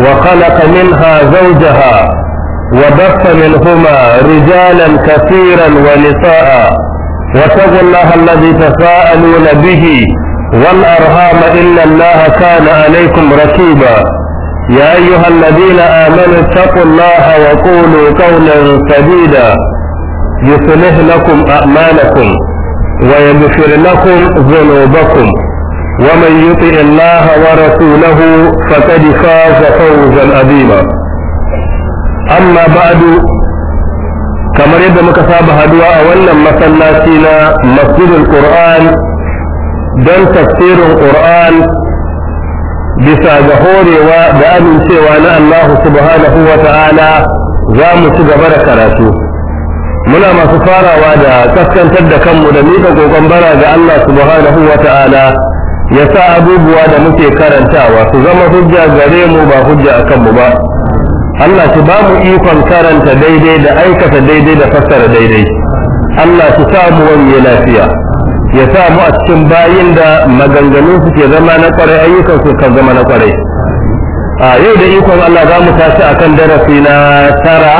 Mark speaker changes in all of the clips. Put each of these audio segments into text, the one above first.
Speaker 1: وخلق منها زوجها وبث منهما رجالا كثيرا ونساء واتقوا الله الذي تساءلون به والأرهام إن الله كان عليكم ركيبا يا أيها الذين آمنوا اتقوا الله وقولوا قولا سديدا يصلح لكم أعمالكم ويغفر لكم ذنوبكم ومن يطع الله ورسوله فقد فاز فوزا عظيما أما بعد kamar yadda muka saba haduwa a wannan masallaci na masjidul qur'an don tafsirin qur'an bisa ga horewa da amincewa na ci gaba da karatu muna masu farawa da kaskantar da kanmu da nika gogon bara ga Allah subhanahu wa ta'ala ya sa abubuwa da muke karantawa su zama hujja gare mu ba hujja a kanmu ba Allah su ba mu ikon karanta daidai da aikata daidai da fassara daidai Allah su sa mu wanye lafiya ya sa mu a cikin bayin da maganganun su ke zama na kwarai ayyukan su kan zama na kwarai a yau da ikon Allah za mu tashi kan darasi na tara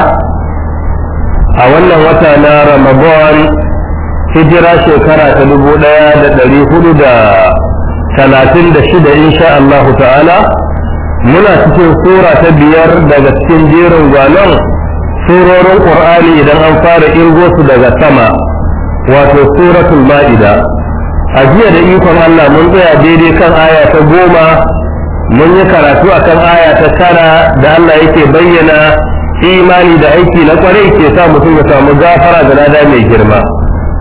Speaker 1: a wannan wata na Ramadan hijira shekara ta dubu ɗaya da ɗari hudu da talatin da shida insha Allah ta'ala muna cikin sura ta biyar daga cikin jerin gwanon surorin ƙur'ani idan an fara ingo su daga sama wato suratul ma'ida a jiya da ikon Allah mun tsaya daidai kan aya ta goma mun yi karatu akan aya ta tara da Allah yake bayyana imani da aiki na kwarai ke sa mutum ya samu gafara da lada mai girma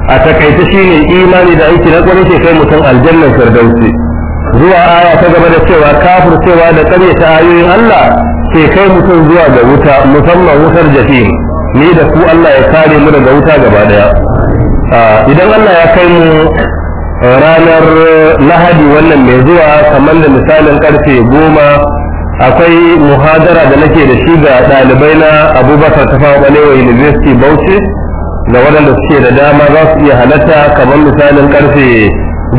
Speaker 1: a takaice ne imani da aiki na kwarai ke kai mutum aljannan firdausi zuwa aya ta gaba da cewa kafir cewa da ta ayoyin Allah ke kai mutum zuwa ga wuta musamman wutar jahim ni da ku Allah ya kare mu daga wuta gaba daya idan Allah ya kai mu ranar lahadi wannan mai zuwa kamar da misalin karfe goma akwai muhadara da nake da shi ga ɗalibai na abubakar tafawa ɓalewa university bauchi ga waɗanda suke da dama za su iya halatta kamar misalin karfe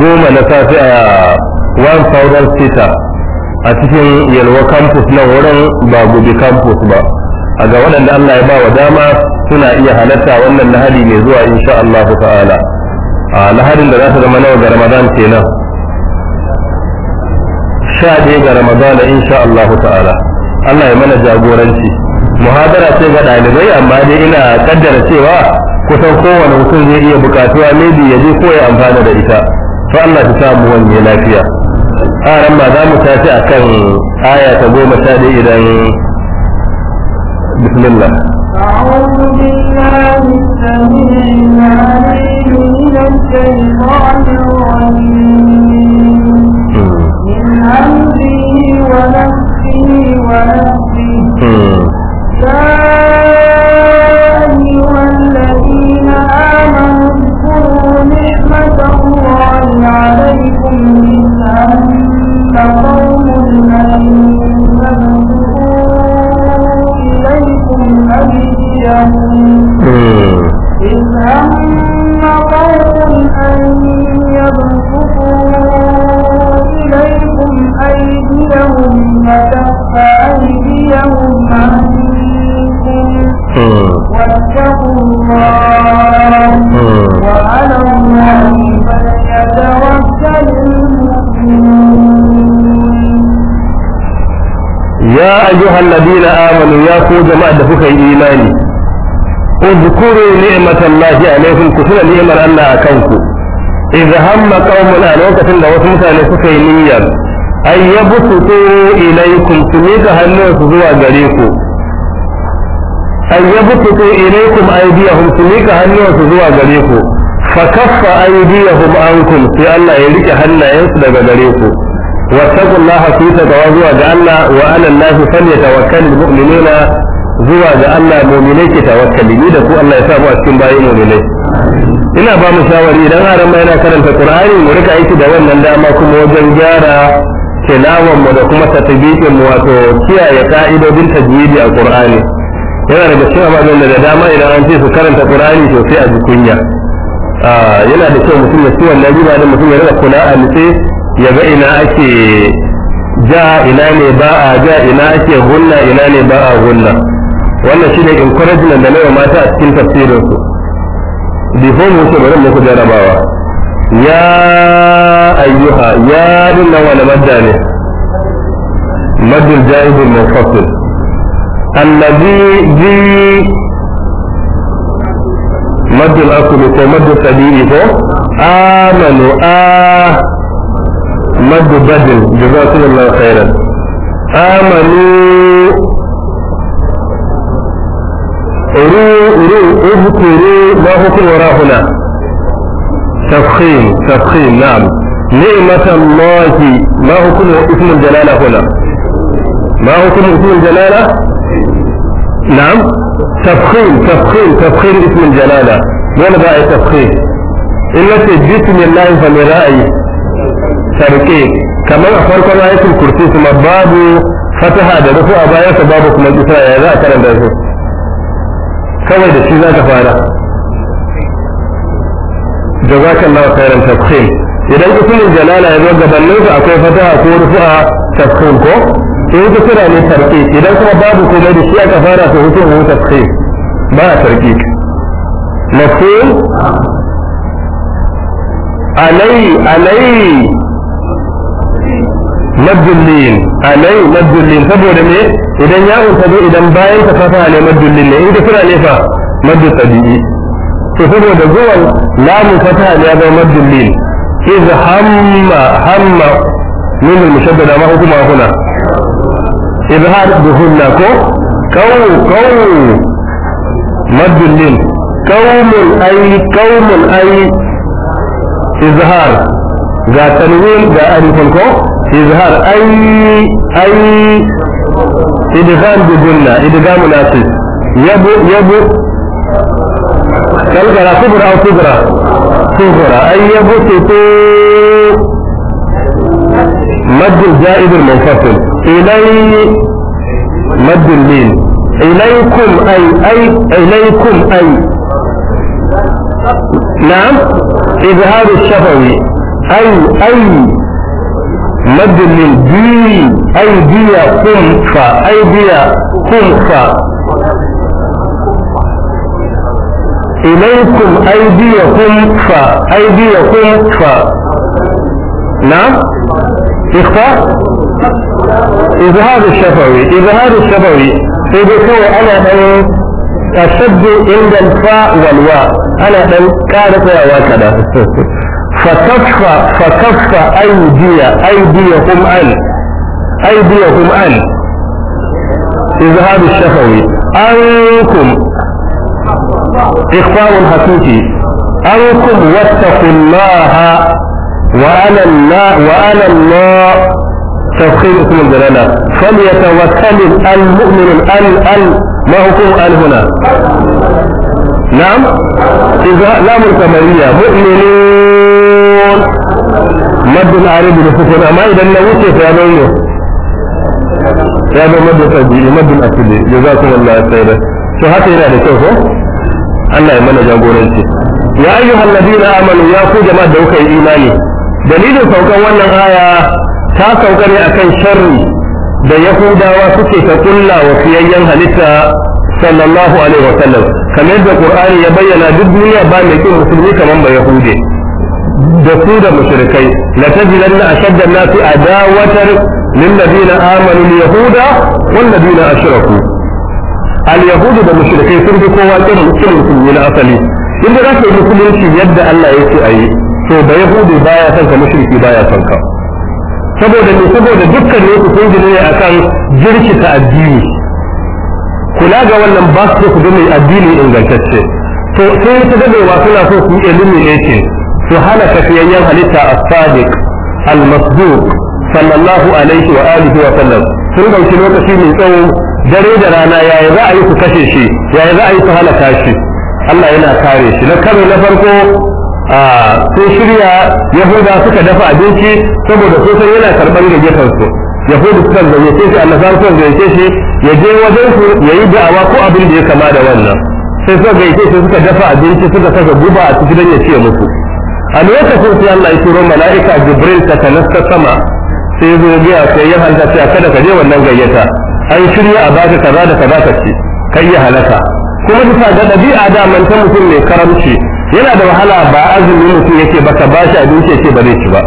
Speaker 1: goma na safe a one thousand seater a cikin yalwa campus na wurin ba gobe campus ba a ga waɗanda Allah ya ba wa dama suna iya halatta wannan lahadi mai zuwa insha Allah ta'ala a lahadin da za ta zama nawa ga Ramadan kenan sha ɗaya ga Ramadan insha Allah ta'ala Allah ya mana jagoranci muhadara ce ga ɗalibai amma dai ina kaddara cewa kusan kowane mutum zai iya bukatuwa maybe ya je ko ya amfana da ita fa Allah ta samu wani lafiya a ran ma za mu tafi akan aya ta goma sha ɗaya idan bismillah
Speaker 2: أعوذ بالله السميع العليم من الشيطان الرجيم hmm. من همزه ونفسه ونفسه hmm. الله عليكم من أن قوم أن يبدئوا إليكم أبيهم إن أن قوم أن يبدئوا إليكم أيديهم وتخفى أيديهم عنكم واتقوا الله وعلى الله
Speaker 1: يا أيها الذين آمنوا يا قوة جماعة دفك إيماني اذكروا نعمة الله عليكم كتنا نعمة الله أكنكم إذا هم قوم الأنوكة لوسمت أن يكفي نيّا أن يبسطوا إليكم سميك هنوس سزوى جريكم أن يبسطوا إليكم أيديهم aidiyahum su سزوى جريكم fa kaffa aydiyahum ankum sai Allah ya rike hannayensu daga gare ku wattaqullaha ku taqwa zuwa ga Allah wa 'ala Allahi falyatawakkalul mu'minuna zuwa ga Allah mu'minai ke tawakkali ni da ku Allah ya sa a cikin bayi mu'minai ina ba mu shawari idan aran ma yana karanta Qur'ani mu rika aiki da wannan dama kuma wajen gyara tilawar mu da kuma tatbiqin mu wato kiyaye ka'idodin tajwidi a Qur'ani yana daga cikin abin da dama idan an ce su karanta Qur'ani to sai a ji kunya Ah, yana da kyau mutum ya ci wannan riba da mutum ya rika kula a nitse ya ga ina ake ja ina ne ba a ja ina ake gunna ina ne ba a gunna wannan shi ne encouragement da nawa mata a cikin tafsirinsu before mu ce bari muku jarabawa ya ayyuha ya dinna wani madda ne maddul jahidul mufassir allazi bi مد الأصل كو مد السبيل كو آمنوا آه مد بدل جزاكم الله خيرا آمنوا رو رو اذكروا ما هو وراء هنا تفخيم تفخيم نعم نعمة الله ما هو كل اسم الجلالة هنا ما هو كل اسم الجلالة نعم تفخيم تفخيم تفخيم اسم الجلالة ولا بقى تفخيم إلا بسم الله فمرائي sarke kamar a farkon ayatul kursi kuma babu fataha da rufu a bayan sa babu kuma isra ya a karanta su kawai da za ta fara jazakallahu khairan tafkhim idan ismul jalala ya zo gabanin sa akwai fataha ko rufu a ko to yanzu kira ne sarki idan kuma babu komai dai shi aka fara to hukun wuta ce ba a sarki mafhum alai alai madullin alai madullin saboda me idan ya unta zo idan bayan ka fata ne madullin ne in ka kira ne fa madu tabi'i to saboda zuwan lamun fata ne ga madullin iz hamma hamma min al-mushaddada ma hukuma huna izhar duhunna ko kawu kawu maddulin kaumun ai kaumun ai izhar ga tanwin ga alifin ko izhar ai ai idgham duhunna idgham yabu yabu kalkara kubra au kubra kubra ai yabu tutu مد الزائد المنفصل إلي مد الميم إليكم أي أي إليكم أي نعم إذهاب الشفوي أي أي مد الميم دي أي دي كم فا أي دي كم فا إليكم أيديكم أيديكم فا نعم إخفاء izhar shafawi izhar shafawi sai dai kawai ana dan tashaddu inda fa wal wa ana dan ƙara tsayawa kada fakaffa fakaffa aydiya aydiyahum an aydiyahum an izhar shafawi أنكم واتقوا الله وأنا الله وأنا الله تفخيم اسم الجلالة فليتوكل المؤمن ال ال ما حكم ال هنا
Speaker 3: نعم إذا لام الكمالية مؤمنون مد العريب للسكون أما إذا نوتي في أمينه هذا مد
Speaker 1: التسجيل مد الأسلي جزاكم الله خيرا شو هاتي هنا لشوفه الله يمنى جنبونيتي يا أيها الذين آمنوا يا كو جماعة دوكا إيماني دليل saukan wannan aya ta saukare a kan sharri da yahudawa suke ta kulla wa fiyayyen halitta sallallahu alaihi wasallam kamar da qur'ani ya bayyana duk duniya ba mai kin musulmi kamar ba yahude da su da mushrikai la tajidanna ashadda an-nasi adawatan lil ladina amanu yahuda wal ladina ashraku al yahudu da mushrikai sun fi kowa kirin musulmi na asali inda za ka yi musulunci yadda Allah ya ce a yi to da yahudi baya son ka mushriki baya son ka saboda ne saboda dukkan ne sun gina ne akan ta addini kula ga wannan ba su su mai addini ingantacce to sai ta wa suna so su ce su hana tafiyayyen halitta a sadiq al-masduq sallallahu alaihi wa alihi wa sallam sun dauki lokaci mai tsawo dare da rana yaya za a yi su kashe shi yaya za a yi su halaka shi Allah yana kare shi na kare na farko sun shirya yahuda suka dafa abinci saboda sosan yana karɓar da gefen su suka zai gayyace shi zai san gayyace shi ya je wajen su ya yi da'awa ko abin da ya kama da wannan sai suka zai shi suka dafa abinci suka saka guba a cikin ya ce musu a lokacin sai Allah ya turo mala'ika Jibril ta kanasta sama sai zo biya sai ya hanta sai kada ka je wannan gayyata an shirya a baka kaza da kaza ka ce kai ya halaka kuma bisa ga dabi'a da manta mutum mai karamci yana da wahala ba azumi mutum yake ba ka bashi abinci yake ba zai ci ba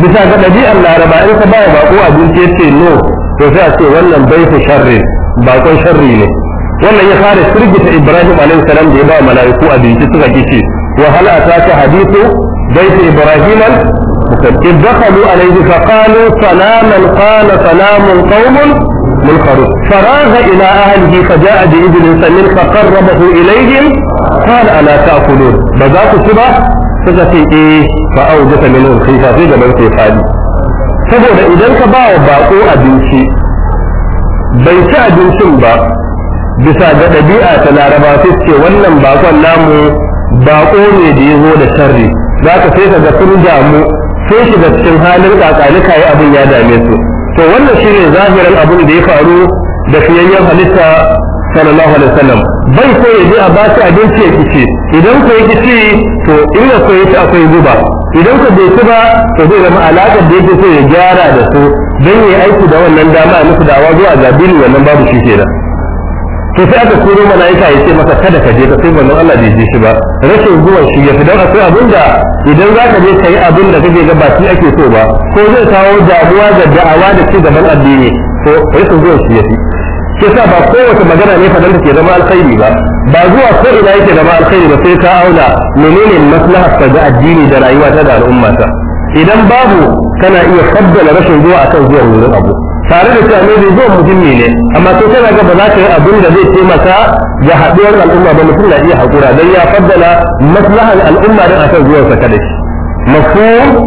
Speaker 1: bisa ga ɗabi'ar laraba in ka baya bako abinci yace no to sai a ce wannan bai fi sharri bakon sharri ne wannan ya fara firgita ibrahim alaihi salam da ya ba mala'iku abinci suka ce hadisu bai ta hadithu al-mukaddim إذ دخلوا عليه فقالوا salaman قال سلام قوم من خروج فراغ إلى أهله فجاء بإبل سمين فقربه إليهم قال ألا تأكلون بذات سبع سكتي إيه فأوجس منه الخيفة في جمعية فادي saboda idan ka ba wa baƙo abinci bai ci abincin ba bisa ga ɗabi'a ta laraba sai wannan bakon namu bako ne da ya zo da sharri za ka sai ga sun damu sai shiga cikin halin kakani kayi abin ya dame su to wannan shine zahirin abin da ya faru da fiyayyen halitta sallallahu alaihi wasallam bai so ya je a ba shi abinci ya kici idan ko ya kici to in ko ya ci akwai guba idan ko bai ci ba to zai zama alaƙar da yake so ya gyara da su don ya aiki da wannan dama a musu dawa zuwa ga wannan babu shi kenan to sai aka koro mala'ika ya ce masa kada ka je ka sai wannan Allah bai je shi ba rashin zuwan shi ya fi dan akwai abin da idan za ka je kai abin da kake ga baki ake so ba ko zai kawo damuwa da da'awa da ci gaban addini to rashin zuwan shi ya fi shi yasa ba kowace magana ne fadan da ke zama alkhairi ba ba zuwa ko ina yake zama alkhairi ba sai ka auna menene maslahar ta ga addini da rayuwa ta da al'umma ta idan babu kana iya faddala rashin zuwa akan zuwan wani abu tare da cewa mai zuwa muhimmi ne amma sai kana ga ba za ka yi abin da zai taimaka ga haɗuwar al'umma ba mutum na iya haƙura don ya faddala maslahar al'umma da akan zuwan sa kadai shi mafhum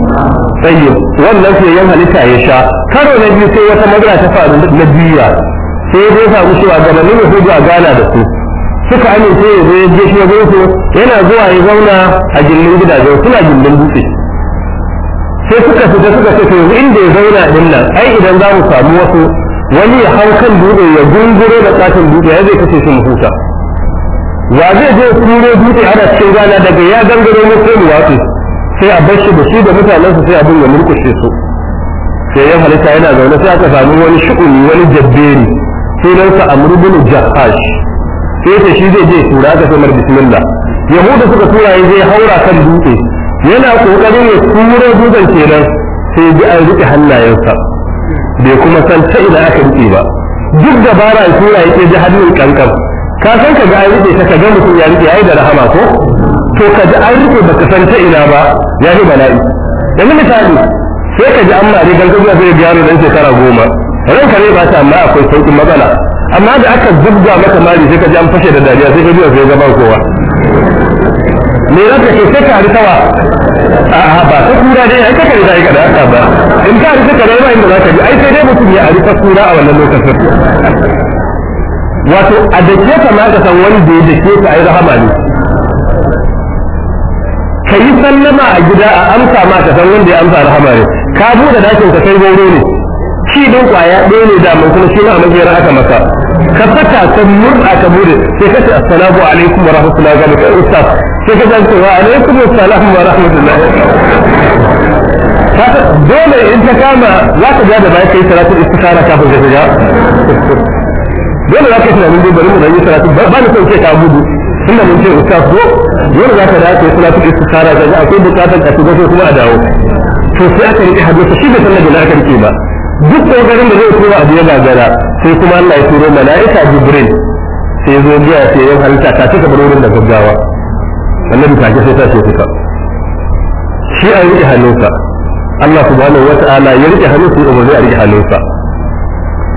Speaker 1: wannan sai yan halitta ya sha karo na biyu sai wata magana ta faru na biya sai zai ga cewa ne yahudu zuwa gana da su suka amince ya zo ya je shi ya yana zuwa ya zauna a gindin gidajen suna gindin dutse sai suka fita suka ce to yanzu inda ya zauna din nan ai idan za mu samu wasu wani ya hau kan dutse ya gungure da katin dutse ya zai kace shi mu huta wa zai je kuro dutse ana cikin gana daga ya gangaro mu sai mu wato sai a bar shi da shi da mutanensa sai abin ya murkushe su sai ya halitta yana zaune sai aka samu wani shu'uni wani jabberi sunansa amru bin jahash sai ta shi zai je tura aka samar bismillah yahuda suka tura ya je haura kan dutse yana kokarin ya tura dutsen kenan sai ji an rike hannayensa bai kuma san ta ina aka rike ba duk da bara ya tura yake ji hannun kankan ka san ka ga an rike ta ka ga mutum ya rike yayi da rahama ko to ka ji an rike baka san ta ina ba ya yi bala'i yanzu misali sai ka ji amma ne gangan zuwa zai gyara dan shekara goma ranka kare ba ta amma akwai sauƙin matsala amma da aka zubga maka mari sai ka ji an fashe da dariya sai ka ji a zai gaban kowa me za ka ce sai ka harita wa a'a ba ta kura dai ai kaka da ai kada haka ba in ka harita kada ba inda za ka ji ai sai dai mutum ya harita kura a wannan lokacin
Speaker 3: wato a da ke ka ma ka san wani da ya da ke ka ai rahama ne
Speaker 1: ka yi sallama a gida a amsa ma ka san wanda ya amsa rahama ne ka bude dakin ka sai gauro ne Ci don kwaya ɗaya ne daman kuma shi ma a majiyar aka maka ka saka ta murɗa ka bude sai ka ce assalamu alaikum wa rahmatullahi wa barakatuh sai ka zance wa alaikum assalam wa rahmatullah ka dole in ta kama za ka ja da baya kai salatul istikhara kafin ka shiga dole za ka yi tunanin dai bari mu yi salatu ba ni son ka gudu tunda mun ce ustaz ko dole za ka da ka yi salatu istikhara da akwai bukatar ka shiga ko kuma a dawo to sai aka rike hadisi shi da sallar da aka rike ba duk kokarin da zai tura abu ya gagara sai kuma Allah ya turo mala'ika Jibril sai zo biya sai ya halitta ta cika barorin da gaggawa annabi take sai ta ce shi a yi hannunsa Allah subhanahu wata'ala ya rike hannun sai umarni a rike hannunsa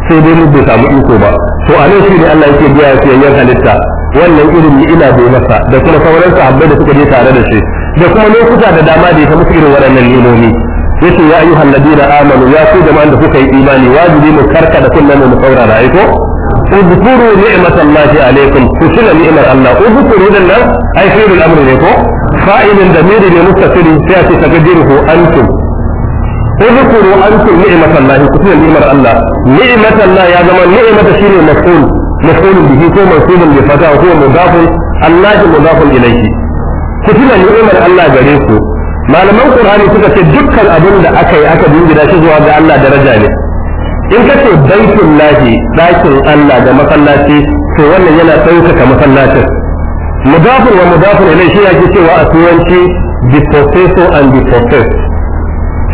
Speaker 1: sai dai mu bai samu iko ba to a nan shine Allah yake biya ya yan halitta wannan ilimi ina bai masa da kuma sauran sahabbai da suka je tare da shi da kuma lokuta da dama da ya musu irin waɗannan limomi yace ya ayyuhan ladina amanu ya ku jama'an da kuka yi imani wajibi mu karka da kullum mu saurara ai ko اذكروا نعمة الله عليكم كتنا نعمة الله اذكروا لنا أي خير الأمر لكم فائل ضمير لمستقل سيأتي تقديره أنتم اذكروا أنتم نعمة الله كتنا نعمة الله نعمة الله يا جماعة نعمة شيء مفعول مفعول به هو منصوب بفتاة وهو مضاف الله مضاف إليه كتنا نعمة الله gare ku malaman qur'ani suka ce dukkan abin da aka yi aka dingina shi zuwa ga Allah daraja ne in ka ce baitul lahi dakin Allah da masallaci to wannan yana ɗaukaka masallacin mudafur wa mudafur ilai shi yake cewa a turanci the professor and the professed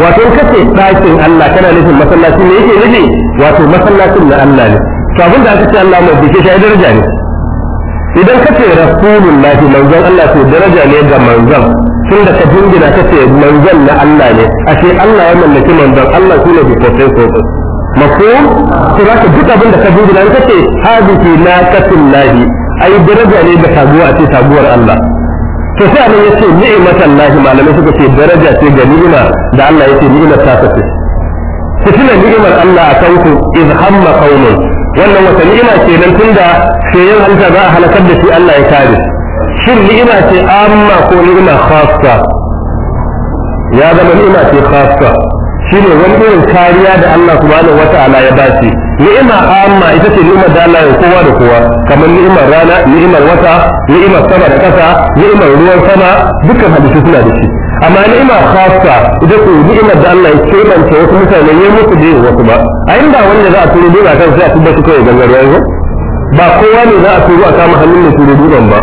Speaker 1: wato in ka ce dakin Allah kana nufin masallaci ne yake nufi wato masallacin na Allah ne to abinda aka ce Allah mai bishe shi daraja ne idan ka ce rasulullahi manzon Allah to daraja ne ga manzon da ka jingina ka ce manzon na Allah ne ashe Allah ya mallaki manzon Allah ne the professor mafhum to zaka duk abin da ka dubi nan kace hadhihi naqatul lahi ai daraja ne da taguwa ce taguwar Allah to sai Allah yace ni'matan lahi malamai suka ce daraja ce ga ni'ima da Allah yace ni'imar ta kace ku tuna Allah a kanku iz hamma qaumun wannan wata ni'ima ce nan tunda sayan halitta za a halakar da shi Allah ya kare
Speaker 2: shin ni'ima ce amma ko ni'ima khassa ya zama ni'ima ce khassa
Speaker 1: shine wani irin kariya da Allah subhanahu wata'ala ya ba shi ni'ima amma ita ce ni'imar da Allah ya kowa da kowa kamar ni'imar rana ni'imar wata ni'imar sama da kasa ni'imar ruwan sama dukkan hadisi suna da shi amma ni'ima khassa ita ce ni'imar da Allah ya kebanta wasu mutane ya musu da wasu ba a inda wanda za a turo dole kan sai a tuba shi kawai gangar yanzu ba kowa ne za a turo a kama hannun mai turo dukan ba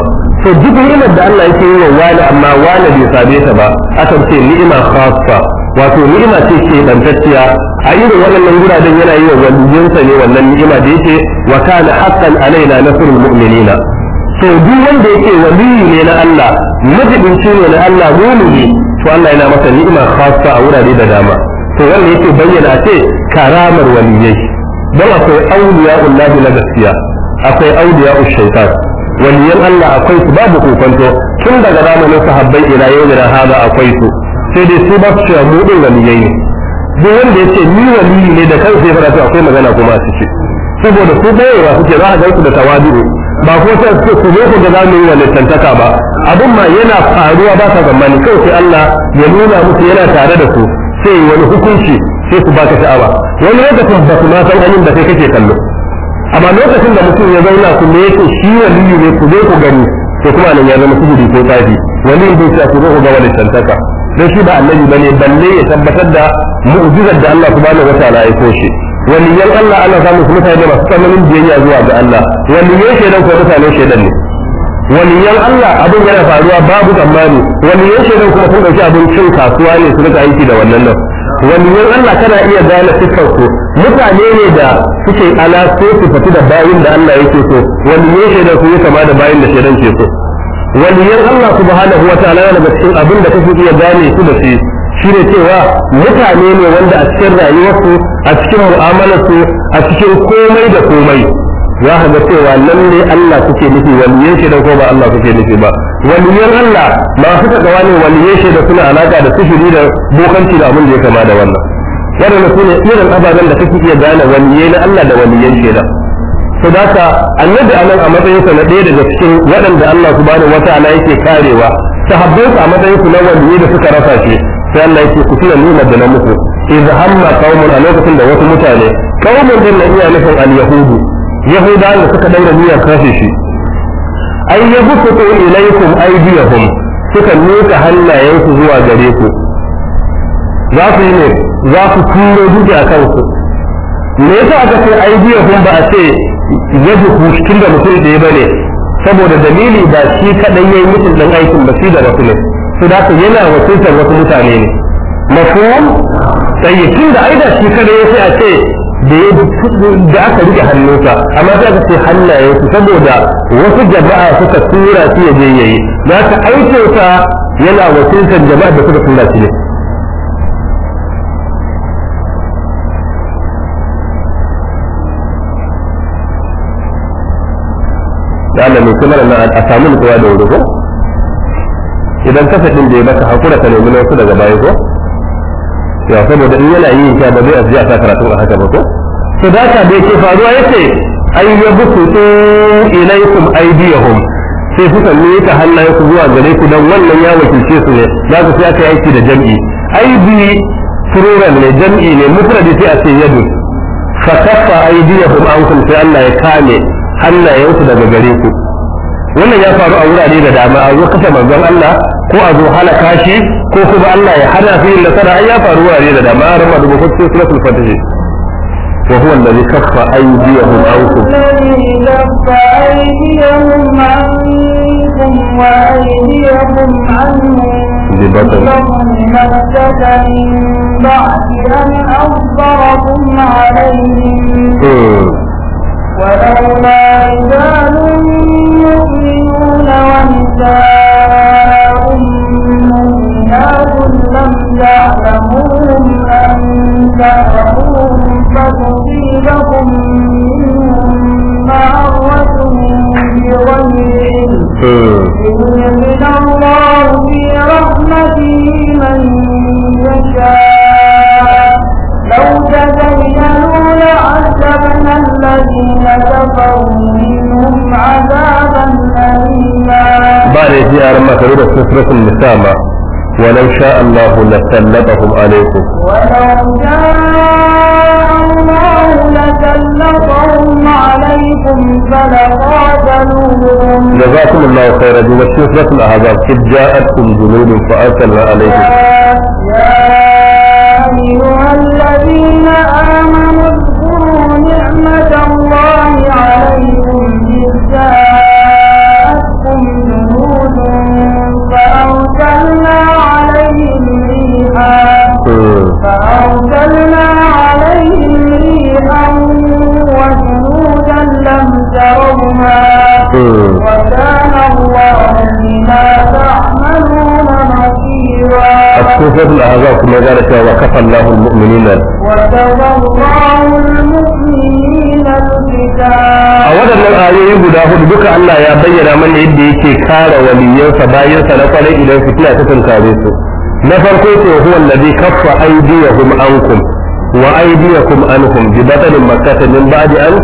Speaker 1: to duk ni'imar da Allah yake yi wa wani amma wani bai same ta ba akan ce ni'ima khassa wato ni'ima ce ke bantacciya a irin waɗannan guraden yana yi wa waliyinsa ne wannan ni'ima da yake wa kana haqqan alaina nasrul mu'minina to duk wanda yake waliyi ne na Allah majibinci ne na Allah ne, to Allah yana masa ni'ima khassa a wurare da dama to wanda yake bayyana ce karamar waliyai don akwai auliya na gaskiya akwai auliya shaitan waliyan Allah akwai su babu kokonto tun daga zamanin sahabbai ila yau da hada akwai su sai dai su ba su cewa mu din waliyai ne duk wanda ya ce ni waliyi ne da kan sai fara akwai magana kuma su ce. saboda su su suke za a ga su da tawadu ba ko sai su ku zo ku da za mu yi tantaka ba abin ma yana faruwa ba ta zamani kai sai Allah ya nuna musu yana tare da su sai wani hukunci sai su baka sha'awa wani lokacin ba su ma san hanyar da kai kake kallo amma lokacin da mutum ya zauna ku ne yake shi waliyu ne ku zo ku gani sai kuma nan ya zama sihiri ko tafi wani bai sa ku zo ku ga tantaka dan shi ba annabi bane balle ya tabbatar da mu'jizar da Allah subhanahu ta'ala ya wani yan Allah Allah zamu su mutane masu tsananin biyayya zuwa ga Allah wani waliyan shaidan ko mutane shaidan ne wani yan Allah abin yana faruwa babu tsammani yan shaidan kuma sun dauki abin cin kasuwa ne su rika aiki da wannan nan yan Allah kana iya gane fuskar ku mutane ne da suke ala ko su fati da bayin da Allah yake so waliyan shaidan su ya kama da bayin da shaidan ke so waliyan Allah subhanahu wa ta'ala yana daga cikin abin da kake iya gane su da shi shine cewa mutane ne wanda a cikin rayuwarsu a cikin mu'amalarsu a cikin komai da komai za ka ga cewa ne Allah suke nufi waliyan shi ko ba Allah suke nufi ba waliyan Allah masu takawa ne waliyan shi da suna alaka da sufuri da bokanci da abin da ya kama da wannan waɗanda su ne irin ababen da kake iya gane waliyai na Allah da waliyan shi sadaka daga annabi anan a matsayinsa na ɗaya daga cikin waɗanda Allah subhanahu wata'ala yake karewa sahabbai a matsayinsu na waliyi da suka rasa shi sai Allah yake ku tuna nuna da na musu. iz hamma qaumun a lokacin da wasu mutane qaumun din na iya nufin al-yahudu yahudawa da suka daura niyya kashe shi ay yabsutu ilaykum aydiyahum suka miƙa hannayensu zuwa gare ku za su yi ne za su turo duk a kansu me yasa aka ce aydiyahum ba a ce yajihu tun da mutum da ya bane saboda dalili ba shi kaɗai ya yi mutum ɗan aikin ba shi da wasu ne su da yana wakiltar wasu mutane ne mafhum sai da aida shi kaɗai ya sai a ce da aka rike hannunsa amma sai aka ce hannaye su saboda wasu jama'a suka tura shi ya je yayi da aka aikinsa yana wakiltar jama'a da suka tura shi ne da Allah mai kuma nan a samu nutsuwa da wuri ko idan kasafin da ya baka hakura ka nemi na wasu daga baya ko ya saboda in yana yin sha ba zai a jiya sa karatu a haka ba ko to da ka da yake faruwa yace ay yabsutu ilaykum aydiyahum sai suka miƙa hannayensu zuwa gare ku dan wannan ya wakilce su ne za ku sai aka yi da jam'i aidi plural ne jam'i ne mufradi sai a ce yadu fa kaffa aydiyahum ankum sai Allah ya kame hannayensu daga gare ku wannan ya faru a wurare da dama a zo kashe manzon Allah ko a zo halaka shi ko kuma Allah ya hana su yin nasara ai ya faru wurare da dama rama da bukuku sai suratul fatih wa huwa alladhi kaffa aydiyahum ankum
Speaker 2: alladhi kaffa aydiyahum ankum wa aydiyahum anhum ببطن مكة من بعد أن أظهركم عليهم ولولا رجال يؤمنون ونساء مؤمنات لم يعلموهم أن تأخوهم فتصيبهم منهم معرة بغير علم يدخل الله في رحمته من يشاء الذين كفروا منهم عذابا أليما بعد يا أرمى
Speaker 3: كبيرة
Speaker 1: سفرة النسامة ولو شاء الله لسلبهم عليكم
Speaker 2: ولو شاء الله لسلبهم عليكم فلقاتلوهم جزاكم الله
Speaker 1: خيرا دي سفرة الأحزاب إذ جاءتكم جنود فأرسلنا عليكم
Speaker 2: يا أيها الذين آمنوا رحمة الله عليكم إذ جاءتكم جنود فأرسلنا عليهم ريحا فأرسلنا عليهم ريحا وجنودا لم ترها وكان الله بما تعملون بصيرا. السورة
Speaker 1: الأعراف ما ذلك وكفى الله المؤمنين
Speaker 2: وكفى الله المؤمنين a
Speaker 1: waɗannan ayoyi guda hudu duka Allah ya bayyana mana yadda yake kare waliyansa sa na kwarai idan fitina ta tunkare su na farko ce huwa allazi kaffa aydiyahum ankum wa aydiyakum anhum bi batalin makkah min ba'di an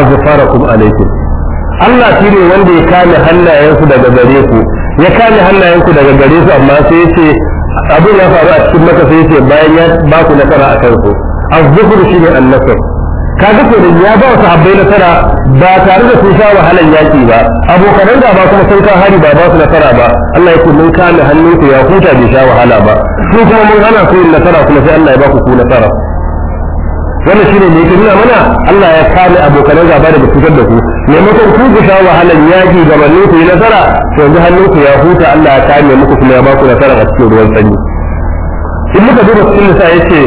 Speaker 1: azfarakum alaykum Allah shi ne wanda ya kame hannayensu daga gare ku ya kame hannayenku daga gare su amma sai ya ce abin ya faru a cikin maka sai ya ce bayan ya ba ku nasara a kansu az-zuhru shine an-nasr kaga ko da ya ba habbai nasara ba tare da sun sha wahalan yaki ba abokanan da ba kuma sun ka hari ba ba su nasara ba Allah ya ce mun kame ku ya huta bai sha wahala ba sun kuma mun hana ku yin nasara kuma sai Allah ya ba ku ku nasara wannan shine ne yake mana Allah ya kame abokanan gaba da fitar da ku maimakon ku ku sha wahalan yaki ga ku yi nasara to yanzu ku ya huta Allah ya kame muku kuma ya ba ku nasara a cikin ruwan sanyi in muka duba cikin nisa yace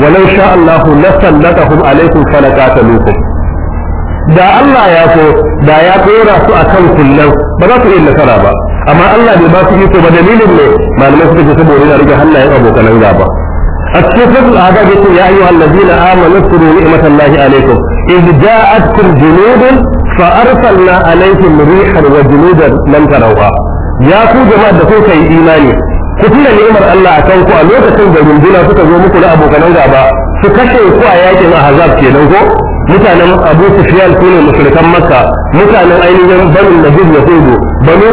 Speaker 1: walau sha Allah la sallatahum alaikum da Allah ya so da ya dora su kan kullun ba za su iya nasara ba amma Allah bai ba su iko ba dalilin ne malamai suka ce saboda yana rike hannayen abokanan gaba a cikin fasul adab yace ya ayyuhal ladina amanu zkuru ni'matallahi alaikum إذ جاءتكم جنود فأرسلنا عليهم ريحا وجنودا لم تروها Ya ku jama'ar da kuka yi imani ku tuna ni'imar Allah a kan ku a lokacin da runduna suka zo muku na abokanan gaba su kashe ku a yakin ahzab kenan ko mutanen abu sufyan su ne musulkan makka mutanen ainihin banin najib yahudu banu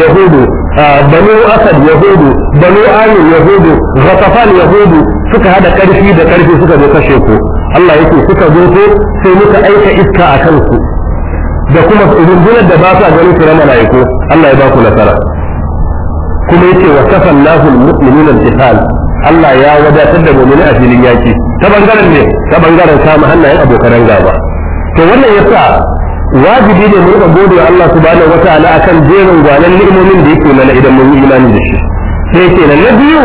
Speaker 1: yahudu banu asad yahudu banu amir yahudu ghatafan yahudu suka hada karfi da karfi suka zo kashe ku Allah yake suka zo ku sai muka aika iska a kansu da kuma rundunar da ba sa ganin su na mala'iku Allah ya ba ku nasara kuma yace wa kafallahu mu'minin al jihad Allah ya wadatar da mu'mini a filin yaki ta bangaren ne ta bangaren samu hannayen abokan gaba to wannan yasa wajibi ne mu gobe gode wa Allah subhanahu wataala akan jerin gwanan ni'imomin da yake mana idan mun yi imani da shi sai ke na biyu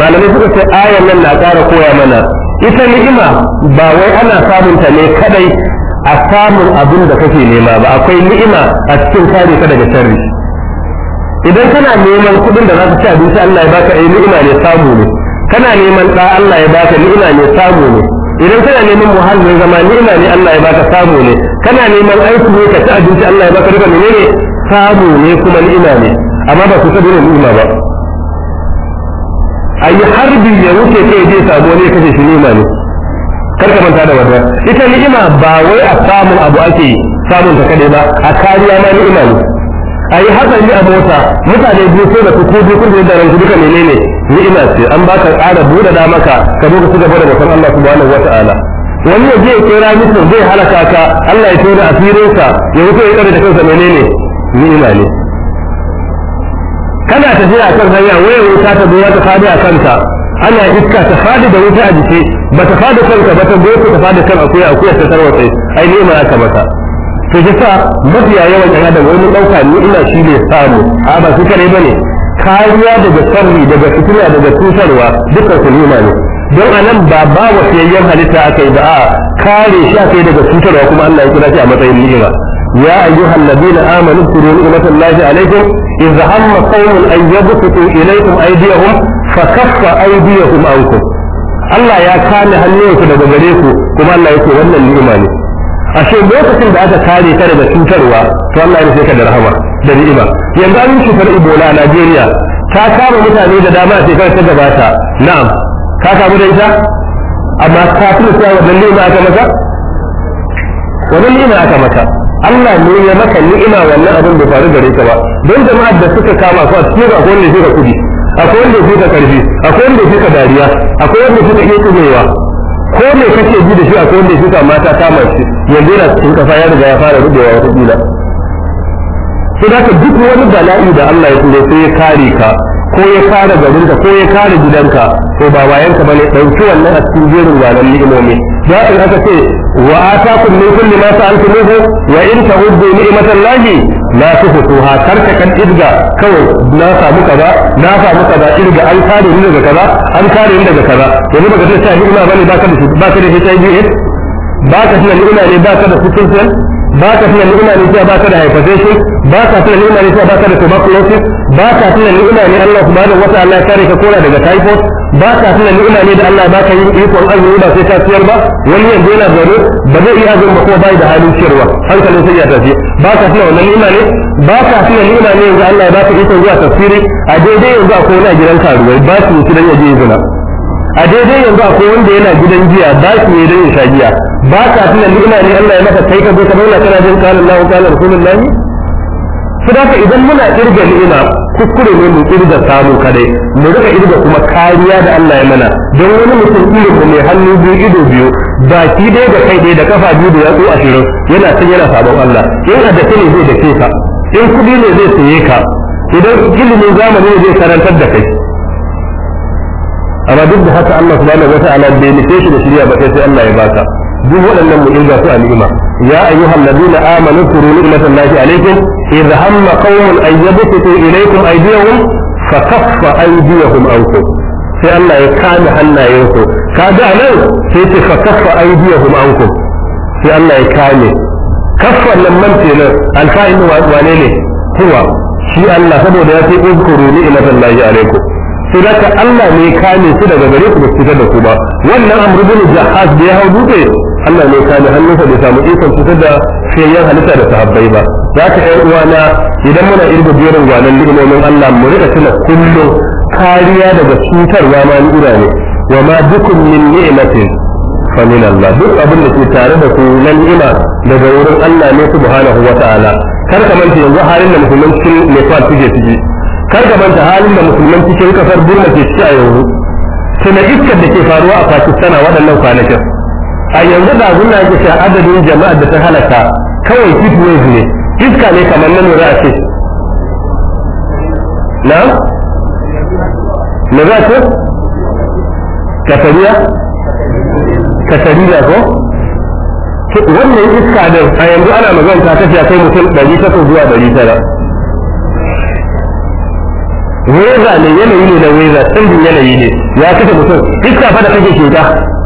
Speaker 1: malamai suka ce ayan nan na ƙara koya mana ita ni'ima ba wai ana samun ta ne kadai a samun abin da kake nema ba akwai ni'ima a cikin kare ka daga sharri idan kana neman kuɗin da za ka ci abinci Allah ya baka ai eh, ni'ima ne samu ne kana neman da Allah ya baka ni'ima ne samu ne idan kana neman muhallin zama ni'ima ne Allah ya baka samu ne kana neman aiki ne ka ci abinci Allah ya baka duka menene samu ne kuma ni'ima ne amma ba ku ne ni'ima ba ayi harbi ya wuce kai je sabo ne kace shi ni'ima ne kar ka manta da wannan ita ni'ima ba wai a samu abu ake samun ta kade ba a kariya ma ni'ima ne a yi hatsari a mota mutane biyu sai da kuku biyu kun da ranku duka menene ni ina ce an ba ka ƙara buɗe da maka ka zo ka gaba da san Allah subhanahu wata'ala wani ya je ya kira mutum zai halaka ka Allah ya tura asirinsa ya wuce ya kare da kansa menene ni ina ne kana tafiya a kan hanya wayar wuta ta zo ta fadi a kanta ana iska ta fadi da wuta a jiki ba ta fadi kanka ba ta zo ta fadi kan akuya akuya ta tarwata ai ma aka maka to ji sa mafiya yawan yana da wani ɗauka ni ina shi ne samu a ba su kare ba ne kariya daga sarri daga fitina daga cutarwa dukkan su nuna ne don a nan ba ba wa fiyayyen halitta aka yi ba a kare shi aka yi daga cutarwa kuma Allah ya kira shi a matsayin ni'ima ya ayyuhal الذين amanu اذكروا ni'matallahi الله عليكم hamma هم قوم yabsutu يبسطوا aydiyahum fa فكف aydiyahum عنكم Allah ya كان hannunku daga gare ku kuma Allah ya ce wannan ni'ima ashe lokacin da aka kare ta daga cutarwa to Allah ya ka da rahama da ni'ima yanzu an cutar Ebola a Najeriya ta kama mutane da dama a shekarar ta gabata na'am ka kamu da ita amma ka sai da wannan ni'ima aka maka wannan ni'ima aka maka Allah ne ya maka ni'ima wannan abin da faru gare ka ba don jama'ar da suka kama su a cikin akwai wanda ya ka kudi akwai wanda ya ka karfi akwai wanda ya ka dariya akwai wanda ya ka iya tsumewa ko me kake ji da shi a ko shi ka mata ta mace yanzu yana cikin kasa ya riga ya fara rubewa wata kila sai da duk wani bala'i da Allah ya tsire sai ya kare ka ko ya kare garinka ko ya kare gidanka to ba bayanka bane dauki wannan a cikin jerin walan ni'imomi da in aka ce wa atakum min kulli ma sa'altumuhu wa in ta'uddu ni'matallahi la tuhsuha karka kan irga kawai na samu kaza na samu kaza irga an kare ni daga kaza an kare ni daga kaza yanzu baka sai ni'ima bane baka da baka da HIV AIDS baka da ni'ima ne baka da sukun ba ka tuna ni'ima ne cewa ba ka da hypertension ba ka tuna ni'ima ne cewa ba da tuberculosis ba ka tuna ni'ima ne Allah subhanahu wataala ya kare ka kora daga typhoid ba ka tuna ni'ima ne da Allah ba ka yi ikon azumi ba sai ka siyar ba wani yanzu yana zaune ba zai iya azumi ba kuma bai da halin ciyarwa hankalin sai ya tafi ba ka tuna wannan ni'ima ne ba ka tuna ni'ima ne yanzu Allah ba ka ikon zuwa tafsiri a daidai yanzu akwai wani a gidan karuwai ba su yi dan a je zina a daidai yanzu akwai wanda yana gidan jiya ba su yi dan ya sha giya ba ka tuna ni'ima ne Allah ya maka kai ka zo ka zauna kana jin qala Allahu qala rasulullahi kuma ka idan muna kirga ni'ima kuskure ne mu irga samu kadai mu rika kirga kuma kariya da Allah ya mana don wani mutum irin mu mai hannu biyu ido biyu baki ɗaya da kai ɗaya da kafa biyu da yatsu ashirin yana san yana sabon Allah in a dace ne zai da ka in kuɗi ne zai saye ka idan ilimin zamani ne zai karantar da kai amma duk da haka Allah subhanahu wataala bai nufe shi da shirya ba sai Allah ya baka duk waɗannan mu irga su a ni'ima يا أيها الذين آمنوا اذكروا نعمة الله عليكم إذ هم قوم أن يبسطوا إليكم أيديهم فكف أيديهم عنكم sai Allah ya kada hannayensu kaga a nan sai ce fa kaffa aydiyahum ankum sai Allah ya kame kaffa nan man kenan alfa'il wane ne huwa shi Allah saboda ya ce uzkuru ni'matallahi alaikum sai da Allah ne ya kame su daga gare ku da ku ba wannan amru bin da ya hau dutse Allah ne ka da hannunsa bai samu ikon cutar da fiyayyen halitta da sahabbai ba za ka ƴan uwana idan muna irga jerin gwanan ni'imomin Allah mu rika tuna kullum kariya daga cutarwa ma ni'ira ne wa ma dukun min ni'matin fa min Allah duk abin da ke tare da ku na ni'ima daga wurin Allah ne subhanahu wa ta'ala kar ka manta yanzu halin da musulman cikin Nepal suke ciki kar ka manta halin da musulman cikin kasar Burma ke ciki a yanzu tuna iskar da ke faruwa a Pakistan a waɗannan kwanakin a yanzu da abin da ake cewa adadin jama'a da ta halaka kawai heat wave ne iska ne kamar na lura a ce
Speaker 3: na lura a ce kasariya kasariya ko wannan iska
Speaker 1: ne a yanzu ana magana ta tafiya kai mutum 800 zuwa 900 weza ne yanayi ne da weza canjin yanayi ne ya kasa mutum iska fa da kake shiga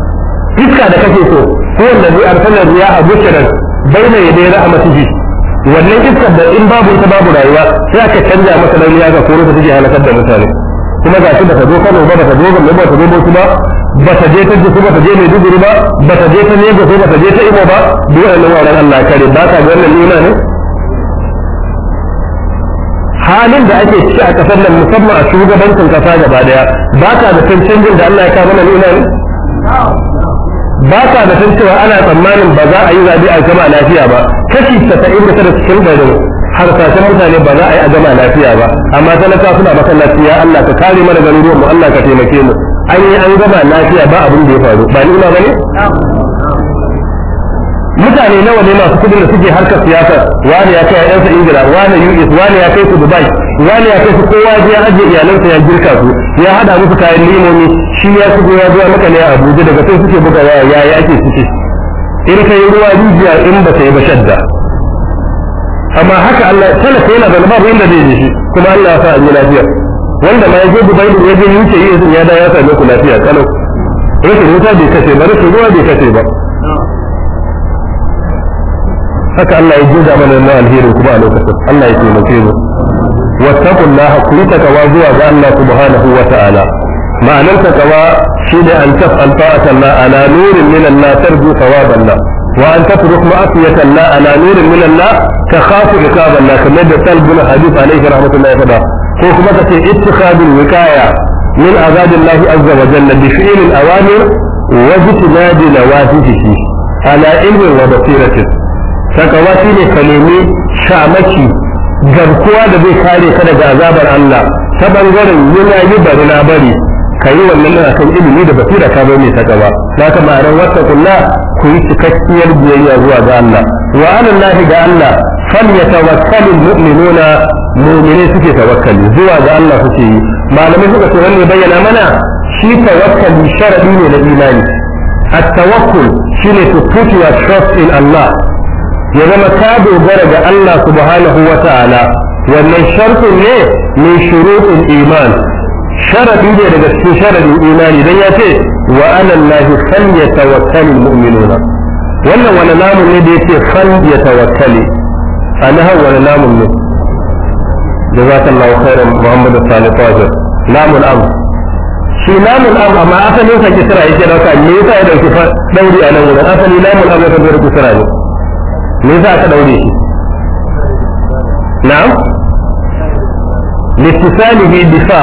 Speaker 1: iska da kake so ko wanda zai arsalar ruwa a bushiran baina ya dai rahmatihi wannan iska da in babu ita babu rayuwa sai aka canja masa ya ga koro ta take halakar da mutane kuma ga shi bata zo Kano ba bata zo Gombe bata zo bosu ba bata je ta Jisu bata je mai Maiduguri ba bata je ta nego sai bata je ta Imo ba duk wannan wuraren Allah kare ba ka ga wannan luna ne halin da ake ciki a kasar nan musamman a shugabancin kasa gaba daya ba ka da canjin da Allah ya kawo mana nuna
Speaker 3: ne ba sa da san cewa ana tsammanin ba za a yi zaɓe a gama lafiya ba kashi casa'in da tara cikin ɗari harsashen mutane ba za a yi a gama lafiya ba
Speaker 1: amma talaka suna masallaci lafiya Allah ka kare mana ruwan mu Allah ka taimake mu an yi an gama lafiya ba abin da ya faru ba ni ba ne mutane nawa ne masu kudin da suke harkar siyasa wani ya kai a yansa ingila wani us wani ya kai su dubai wani ya kai su kowa ya ajiye iyalansa ya girka su ya hada musu kayan limomi shi ya shigo ya zuwa maka ne a abuja daga sai suke buga ya ya ake suke in ka yi ruwa jijiya in ba ta yi ba shadda amma haka Allah talaka yana da babu inda zai je shi kuma Allah ya sa an yi lafiya wanda ma ya je Dubai din ya je yi e, ya da ya same ku lafiya kalau rashin wuta bai kace ba rashin ruwa bai kace ba haka Allah ya da mana na alheri kuma a lokacin Allah ya taimake mu wattaqullaha ku yi takawa zuwa ga Allah subhanahu wa ta'ala ma'anar takawa shine an taf'al ta'atallah ala nurin min Allah tarju thawaballah wa an tatruk ma'asiyatallah ala nurin min Allah takhafu iqaballah kamar da talbul hadith alaihi rahmatullahi wa ko kuma kace ittikhadul wikaya من عذاب الله عز وجل بفعل الأوامر واجتناب نواهجه على علم وبصيرة تقواتي لكلمي شامكي garkuwa da zai kare ka daga azabar Allah ta bangaren yana yi bari na bari ka yi wannan na kan ilimi da basira ka zo mai ta gaba na ka ma'anar wata kulla ku yi cikakkiyar biyayya zuwa ga Allah wa alallahi ga Allah fal yatawakkalul mu'minuna mu'minai suke tawakkali zuwa ga Allah suke yi malamai suka ce wannan bayyana mana shi tawakkali sharadi ne na imani at-tawakkul shine to put your trust in Allah ya zama ka dogara ga Allah subhanahu wa ta'ala wannan sharfin ne min shuruɗin iman sharadi ne daga cikin sharadin imani dan ya ce wa ala ya falyatawakkalul mu'minuna wannan wani namun ne da yake falyatawakkali anahu wani namun ne jazakallahu khairan muhammadu salih fazil namun am shi namun am amma asalin sa kisra yake dauka me yasa ya dauki dauri a nan wurin asali namun am ya kan kisra ne me za ka daure shi na'am litisalihi bi fa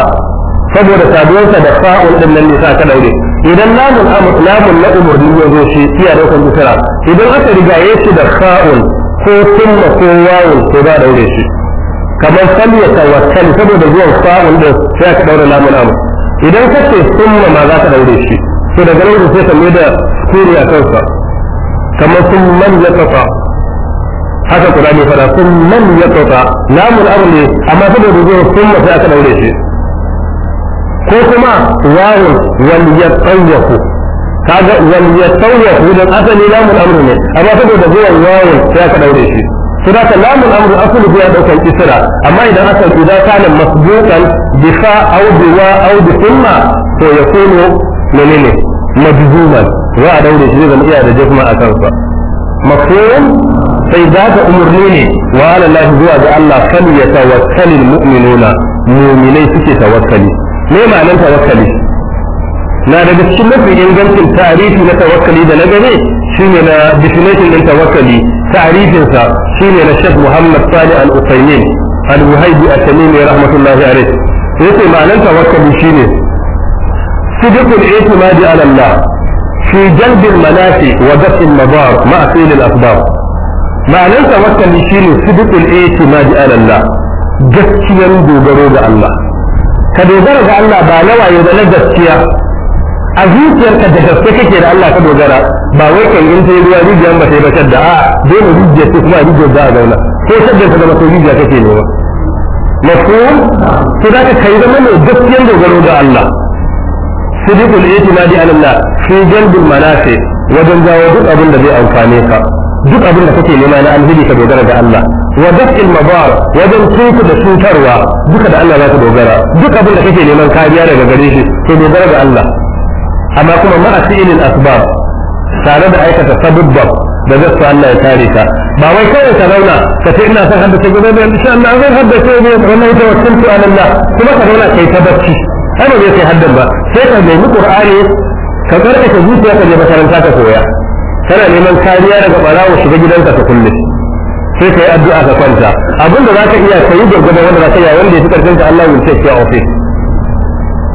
Speaker 1: saboda saduwarsa da fa'ul din nan ne sa ka daure idan lamun amr lamun na umurni ya zo shi iya daukan isra idan aka riga ya shi da fa'ul ko kuma ko wawun ko ba daure shi kamar salya tawakkal saboda zuwan fa'ul din sai aka daure lamun amr idan ka ce summa ma za ka daure shi to daga nan sai ka mai da kuri a kansa kamar sun man ya tafa haka ne fara sun man ya tota lamun amri amma saboda zuwa sun sai aka daure shi ko kuma wawun wal yatawwafu kaga wal tsayyaku don asali lamun amri ne amma saboda zuwa wawun sai aka daure shi ka lamun amri asali biya daukan isra amma idan aka idan kana masbuqan bi fa aw bi wa aw bi thumma to yakunu menene majzuman za a daure shi zai zama iya da jazma a kansa mafhumin sai za ka umarni ne wa ala lahi zuwa ga Allah fal ya tawakkali mu'minuna mu'minai suke tawakkali me ma'anar tawakkali na daga cikin mafi ingancin tarihi na tawakkali da na gare shine na definition din tawakkali ta'rifin sa shine na Sheikh Muhammad Salih Al-Utsaimin Al-Muhaydi At-Tamimi rahmatullahi alayh yace ma'anar tawakkali shine sidqul i'timadi ala Allah fi jalb al-manafi wa daf al-madar ma'a fil al-asbab ma'anar tawakkali shine sidqul i'timadi ala Allah gaskiyar dogaro ga Allah ka dogara ga Allah ba na wayo da na gaskiya a zuciyarka da gaske kake da Allah ka dogara ba wai kan in ta yi ruwa rijiyar ba sai bashar da a dole rijiyar ce kuma a rijiyar za a gauna ko sadda da masu sau rijiya kake ba mafhum to za ka kai zama mai gaskiyar dogaro ga Allah sidqul i'timadi ala Allah fi jalbil manafi wajen jawo duk abin da zai amfane ka duk abin da kake nema na alheri ka dogara ga Allah wa daf'il madar wajen tuku da cutarwa duka da Allah za ka dogara duk abin da kake neman kariya daga gare shi ka dogara ga Allah amma kuma ma'a fi'ilil asbab tare da aikata sabubba da zasu Allah ya kare ka ba wai kawai ka rauna ka ce ina son haddace gobe da insha Allah zan haddace ne wannan ita wakiltu alallah kuma ka zauna kai ta bacci ai ba zai kai haddan ba sai ka nemi qur'ani ka ka zuciya ka je makaranta ka koya kana neman kariya daga barawo shiga gidanka ka kulle sai ka yi addu'a ka kwanta abin da za ka iya ka da gwargwadon wanda za ka iya wanda ya fi karfin ka Allah will ya care of it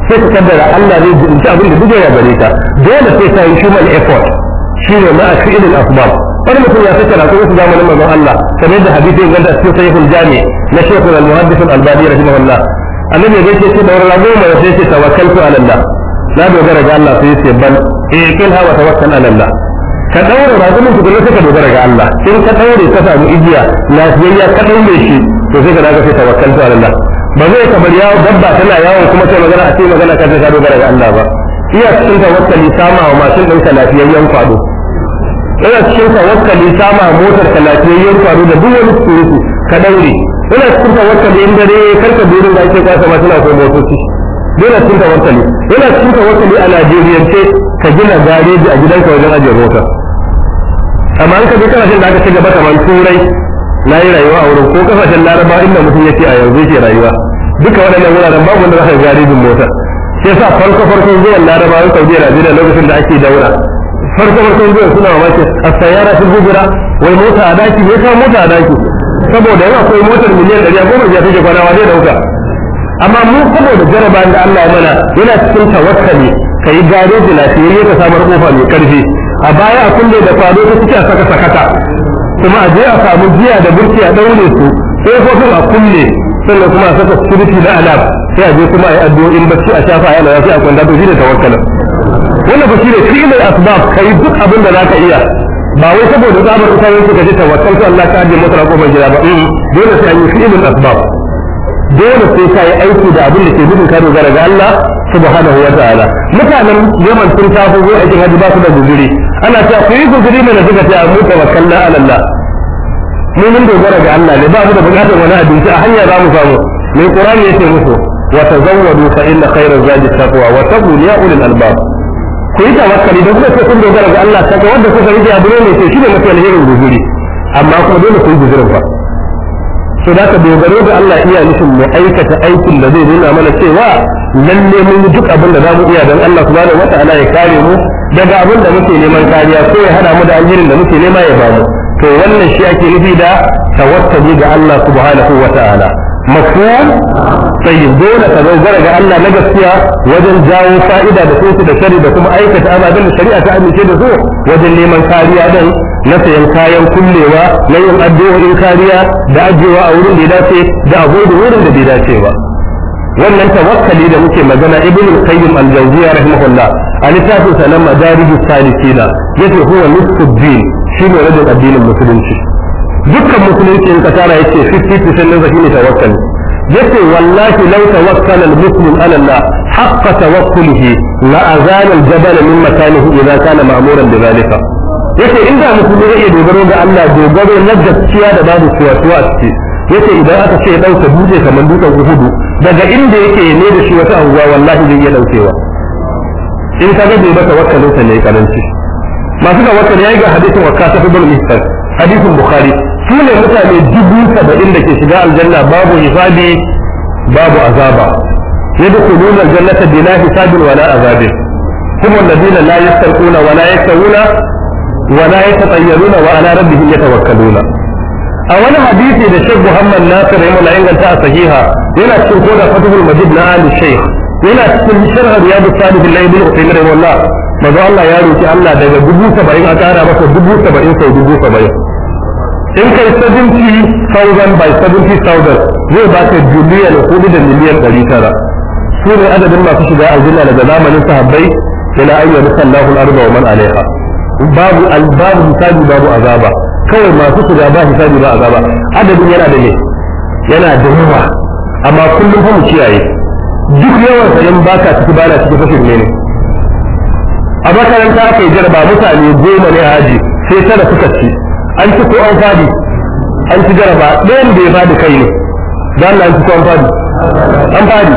Speaker 1: sai ka kaddara Allah zai jibinci abin da duk ya gare ka dole sai ka yi human effort shine ma'a fi'ilin asbab wani mutum ya tattara ko wasu zamanin manzon Allah kamar da hadisi ya ganda cikin sahihul jami na shekul al-muhaddis al-albani rahimahullah annabi ya ce da wani rago mai sai ce tawakkaltu ala Allah na dogara ga Allah sai ce ban eh hawa tawakkal ala Allah ka daure ragumin tukunna sai ka dogara ga Allah in ka daure ka samu igiya lafiyayya ka daure shi to sai ka daga sai tawakkal ala Allah ba zai kamar yawo dabba tana yawo kuma sai magana a sai magana ka ka dogara ga Allah ba iya cikin tawakkali sama wa mashin ɗinka lafiyayyen kwado ina cikin tawakkali sama wa motar ka lafiyayyen kwado da duk wani surutu ka daure ina cikin tawakkali in dare karka dole da ake kwasa ma tana ko motoci dole cikin tawakkali ina cikin tawakkali a Najeriya ce ka gina gareji a gidanka wajen ajiyar motar amma in ka je jin da aka ci gaba kamar turai na yi rayuwa a wurin ko kasashen laraba inda mutum yake a yanzu yake rayuwa duka waɗannan wuraren babu wanda za ka garibin motar sai sa farko farkon zuwan larabawan saudiya da lokacin da ake daura farko farkon zuwan suna mamaki a sayara sun hujira wai mota a daki me kawo mota a daki saboda yana akwai motar miliyan ɗari a goma ya take kwana wa zai dauka amma mu saboda jarabawan da Allah ya mana yana cikin tawakkali ka yi da lafiyayye ka samar kofa mai karfi a baya a kulle da kwado ta suke a saka sakata kuma a je a samu jiya da burki a daure su sai kofin a kulle sannan kuma a saka sirifi na alam sai a je kuma a yi addu'o'in bacci a shafa yana sai a kwanda to shi ne tawakkalin wannan ba shi ne fi'ilul asbab kai duk abin da zaka iya ba wai saboda ta yi yanzu ka je tawakkal to Allah ka ajiye masa rakoban gida ba mm, dole sai an yi fi'ilul asbab dole sai ka yi aiki da abin da ke gudun ka dogara ga Allah subhanahu wa ta'ala mutanen Yaman sun tafi zuwa aikin hajji ba su da guzuri ana cewa ku yi guzuri mana suka ta mu tawakkalna ala Allah mu mun dogara ga Allah ne ba mu da bukatar wani abinci a hanya za mu samu mai Qur'ani yace musu wa tazawwadu fa inna khayra zadi taqwa wa taqul ya ulil albab ku yi tawakkali da kuka ce kun dogara ga Allah kaga wanda kuka yi abu ne mai ce shi ne mafi alherin guzuri amma kuma dole ku yi guzurin ba. to da ka dogaro da Allah iya nufin mu aikata aikin da zai nuna mana cewa lalle mun yi duk abin da za mu iya don Allah subhanahu wata'ala ya kare mu daga abin da muke neman kariya ko ya hada mu da alherin da muke nema ya mu to wannan shi ake nufi da tawakkali ga Allah subhanahu wata'ala mafhum tayyib dole ka dogara ga Allah na gaskiya wajen jawo fa'ida da su da shari da kuma aikata ababen da shari'a ta amince da su wajen neman kariya dan na sayan kayan kullewa na yin addu'o'in kariya da ajewa a wurin da ya dace da abudu wurin da bai dace ba wannan tawakkali da muke magana ibn qayyim al-jawziyya rahimahullah a littafin sa na madarijus salikina yace huwa nisfu din shine rajul addinin musulunci dukkan musulunci in ka tara yace 50% na zahiri tawakkali yace wallahi law tawakkala al-muslim ala Allah haqqa tawakkulihi la azala al-jabala min makanihi idza kana ma'muran bi dhalika yace in da musulmi zai iya dogaro ga Allah dogaro na gaskiya da babu suwatuwa a ciki yace idan aka ce ɗauka dutse kamar dutsen Uhudu daga inda yake ne da shi wata anguwa wallahi zai iya ɗaukewa. in ka ga bai baka wakkalin sa ne karanci masu da ya yi ga hadisin fi ibn Mihsan hadisin Bukhari su ne mutane dubu saba'in da ke shiga aljanna babu hisabi babu azaba ya يدخلون الجنة بلا حساب ولا عذاب هم الذين لا يسترقون ولا يستوون ولا يتطيرون وعلى ربهم يتوكلون a wani hadisi da Sheikh Muhammad Nasir ya mula inganta a sahiha yana cikin koda Fathul Majid na Ali Sheikh yana cikin sharh ya Salih bin Ibn Uthaymeen rahimahullah manzo Allah ya roki Allah daga dubu saba'in a kara masa dubu saba'in sau dubu saba'in in kai seventy thousand by seventy thousand zai ba ka biliyan hudu da miliyan ɗari tara su ne adadin masu shiga aljanna daga zamanin sahabbai ila ayyana sallahu al-arba wa man alaiha babu babu hisabi babu azaba kawai masu shiga ba hisabi ba azaba adadin yana da ne yana da yawa amma kullum fa mu kiyaye duk yawan sa in baka ciki bana ciki fashin ne ne a makaranta aka yi jarba mutane goma ne a haji sai tara suka ci an ci ko an fadi an ci jaraba ɗayan da ya fadi kai ne da Allah an ci ko an fadi an fadi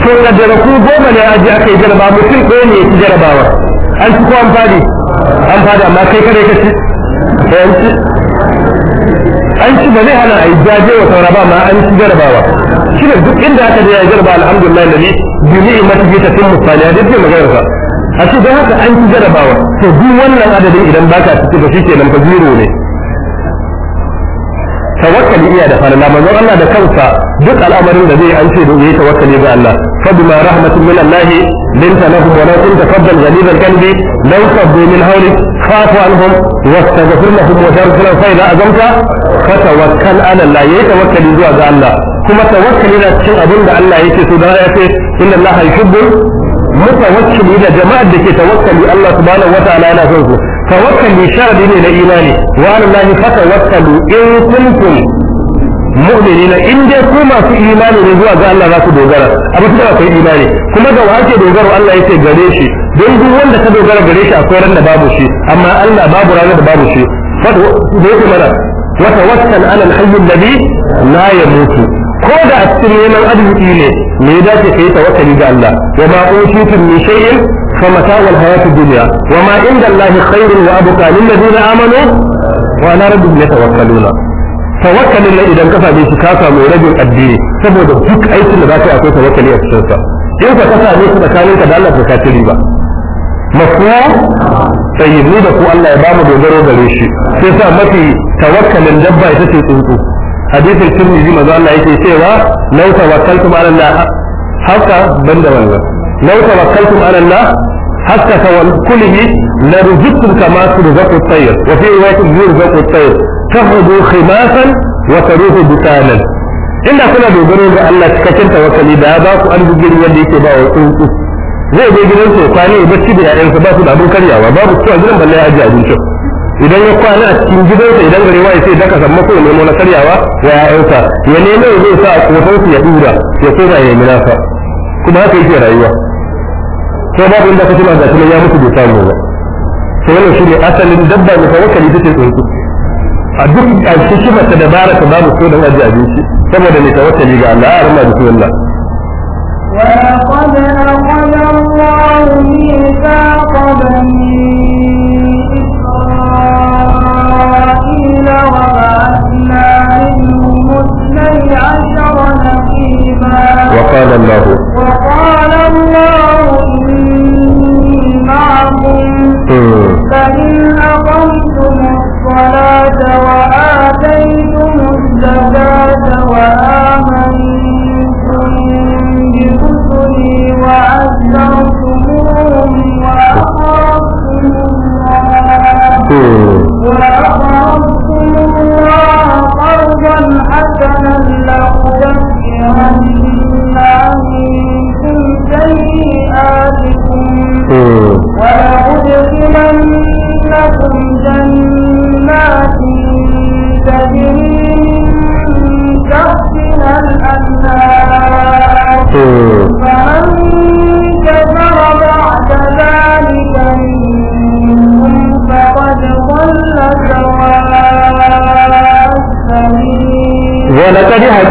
Speaker 1: to ka ku goma ne haji aka yi jarba mutum ɗaya ne ya ci jarabawa an ci ko an fadi an fadi amma kai kada ka ci an ci an ci ba zai hana a yi jaje wa saura ba ma an ci jarabawa shi ne duk inda aka je ya jarba alhamdulillah nabi bi ni'imati bi tatimmu salihah duk maganar sa a ce don haka an ci jarabawa to duk wannan adadin idan baka ciki ba shikenan fa zero ne tawakkali iya da falala manzon Allah da kansa duk al'amarin da zai an ce da yayi tawakkali ga Allah فبما رحمة من الله لنت لهم ولو كنت غليظ القلب لو فضوا من حولك فاعف عنهم واستغفر لهم وشارك لهم فإذا أزمت فتوكل على الله يتوكل يزوى الله كما توكل إلى cikin abin da Allah yake so da ya ce inna Allah yuhibbu mutawakkili da jama'ar da ke tawakkali Allah subhanahu wataala yana son su tawakkali sharadi ne na imani mu'minina in dai ku masu imani ne zuwa ga Allah za ku dogara a mutum da akwai imani kuma ga wace dogaro Allah yace gare shi don duk wanda ka dogara gare shi akwai ran da babu shi amma Allah babu rana da babu shi fatu da yake mana wa tawakkal ala al-hayy alladhi la yamutu ko da a cikin neman arziki ne me ya dace kai tawakkali ga Allah wa ma utitum min shay'in fa mata'ul hayatid dunya wa ma inda Allah khairun wa abqa lil ladina amanu wa ala rabbihim yatawakkaluna tawakkalin nan idan ka same shi ka samu rabin addini saboda duk aikin da za ka yi akwai tawakkali a cikin sa in ka ka same shi ka da Allah ka ci riba mafuwa ni da ku Allah ya bamu dogaro gare shi sai sa mafi tawakkalin dabba ita ce tsuntsu hadisin tirmidhi manzo Allah yake cewa law tawakkaltum ala Allah haka banda wannan law tawakkaltum ala Allah hatta tawakkulihi la ruzqtum kama turzaqu at-tayr wa fi riwayatin yurzuqu at-tayr tahudu khimasan wa taruhu butanan inda kuna dogaro ga Allah cikakken tawakkali da ya ba ku arziki wanda yake ba wa tsuntsu zai je gidan kwana ya bacci da ƴaƴansa ba su abin karyawa babu cewa gidan balle ya a abincin idan ya kwana a cikin gidansa idan gari ya sai daka san mako nemo na karyawa ya ƴaƴansa ya nemo ya zai sa a kofar ya dura ya koma ya yi nasa kuma haka yake rayuwa ko babu inda kace ba da kuma ya mutu bai samu ba sai wannan shine asalin dabba ne fa wakali take tsuntsu a duk ƙarshe mata da bara ta babu so da wajen abinci saboda mai tawakkali ga Allah a rama bismillah
Speaker 2: ولقد أخذ الله ميثاق بني إسرائيل وبعثنا منهم اثني عشر نقيبا وقال الله وقال الله إني معكم فإن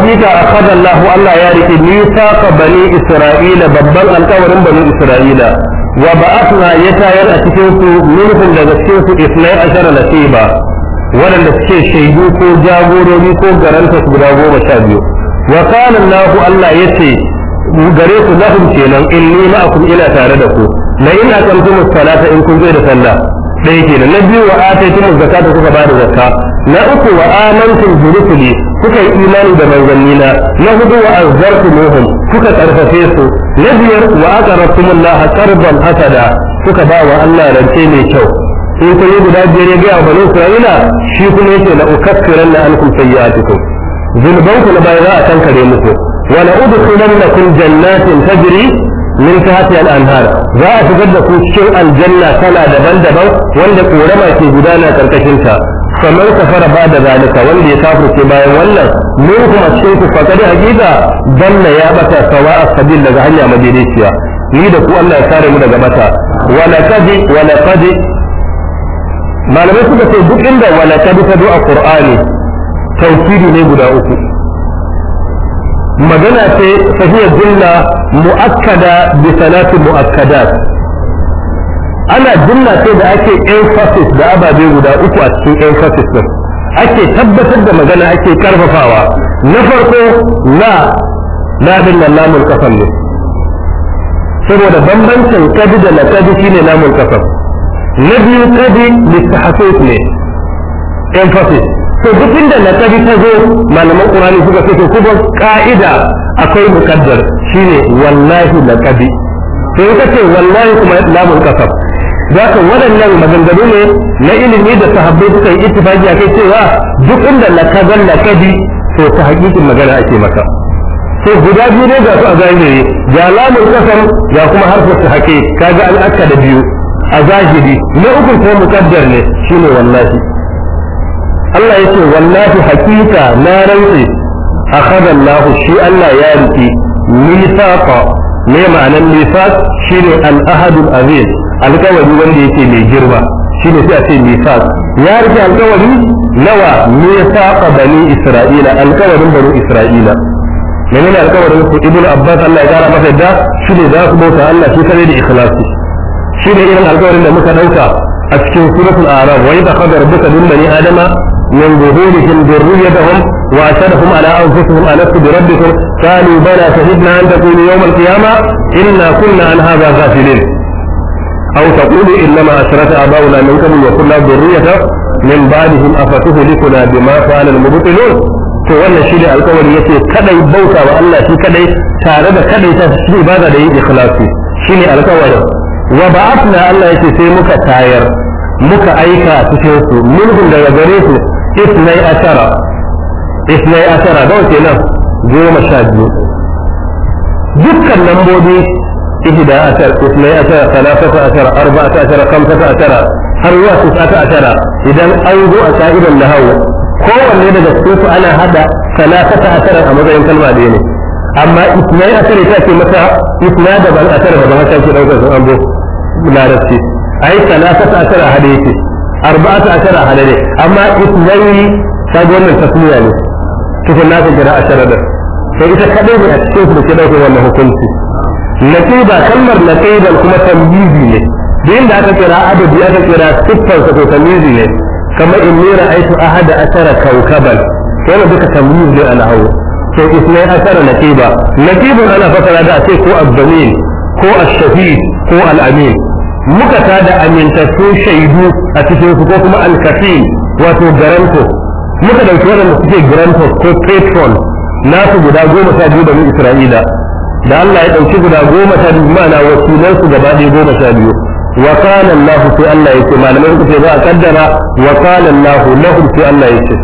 Speaker 1: hakika akhadha Allah Allah ya rike mithaqa bani Isra'ila babban alkawarin bani Isra'ila wa ba'athna ya tayar a cikin su minhum daga cikin su 12 nasiba waɗanda suke shaidu ko jagorori ko garanta su guda goma sha biyu wa lahu Allah Allah yace gare ku lahum kenan inni ma'akum ina tare da ku la in aqamtum salata in kun zai da sallah ɗaya kenan na biyu wa ataytum zakata kuka ba da zakka na uku wa amantum bi rusuli kuka yi imani da manzannina na hudu wa azzartumuhum kuka karfafe su na biyar wa aqrabtumullaha qarban hasada kuka ba wa Allah rance mai kyau in kun yi guda biyar ya gaya wa bani na? shi kuma yake la ankum sayyi'atikum zulbanku na baya za a kare muku wa la udkhilannakum jannatin tajri min tahtiha al-anhar za a shigar da ku cikin aljanna kala daban-daban wanda korama ke gudana karkashin ta kamar fara ba da zalika wanda ya ce bayan wannan mun kuma cikin ku fakari hakika danna ya bata sawa asabil daga hanya madinaciya ni da ku Allah ya kare mu daga bata wala kadi wala kadi malamai suka ce duk inda wala kadi ta do a qur'ani tawkidi ne guda uku magana ce sahiyar jumla mu'akkada bi salati mu'akkadat ana jumla ce da ake emphasis da ababe guda uku a cikin emphasis din ake tabbatar da magana ake karfafawa na farko la la din nan lamun kasam ne saboda bambancin kadi da lakadi shine namun kasan na biyu kadi listahasuf ne emphasis to duk inda lakadi ta zo malaman qur'ani suka ce kuma ka'ida akwai mukaddar shine wallahi lakadi to kace wallahi kuma namun kasan. zaka waɗannan maganganu ne na ilimi da sahabbai suka yi ittifaki akai cewa duk inda ka bi to ta hakikin magana ake maka to guda biyu ne ga su a zahiri ga lamun kasam ga kuma harfa ta hake kaga an akka da biyu a zahiri na uku ko mukaddar ne shine wallahi Allah yake wallahi hakika na rantsi akhadallahu shi Allah ya rike mithaqa me ma'anan misas shine al-ahadul azim alkawari wanda yake mai girma shine sai a ce misas ya rike alkawari nawa misaqa bani isra'ila alkawarin bani isra'ila menene alkawarin ku ibnu abbas Allah ya kara masa yadda shine za su bauta Allah shi kare da ikhlasi shine irin alkawarin da muka dauka a cikin suratul araf wa idha khadar buka min bani adama من ظهورهم ذريتهم وأشهدهم على أنفسهم kunna بربكم قالوا بلى شهدنا أن تقولوا يوم القيامة إنا كنا عن هذا غافلين أو تقولوا إنما أشرك آباؤنا من قبل وكنا ذرية من بعدهم أفتهلكنا بما فعل المبطلون to wannan shi ne alkawari yace kadai bauta wa Allah shi kadai tare da kadai ta shi ibada da yin ikhlasi shine alkawari wa ba'athna Allah ce sai muka tayar muka aika cikin su mulkin daga gare su isnai ashara isnai ashara nawa kenan goma sha biyu dukkan lambobi ihda ashar isnai ashara salasata ashara arba'ata ashara kamsata ashara har zuwa tisata ashara idan an zo a ka'idan nahawu kowanne daga cikin ana hada salasata ashara a matsayin kalma da ne amma isnai ashara ta ce mata isna daban ashara daban haka ke daukar sun ambo larabci ai salasata ashara hada yake arba'atu ashara halale amma isnaini ta wannan tasmiya ne cikin nasa kira ashara da sai ita kadai ne a cikin su da ke dauke wannan hukunci naqiba kalmar naqiban kuma tamyizi ne din aka kira adadi aka kira siffar sa to ne kamar in nira aitu ahada ashara kawkaban yana duka tamyiz ne a nahawu to isnai ashara naqiba naqiban ana fasara da ce ko abdamin ko ash ko al-amin muka tada amintattu shaidu a cikin su ko kuma alkafi wato garanto muka dauki wadanda suke garanto ko patron su guda goma sha biyu da mu isra'ila da Allah ya dauki guda goma sha biyu ma'ana wakilan su gaba ɗaya goma sha biyu wa kana Allah sai Allah yake malamai suka ce za a kaddara wa kana Allah lahum sai Allah yake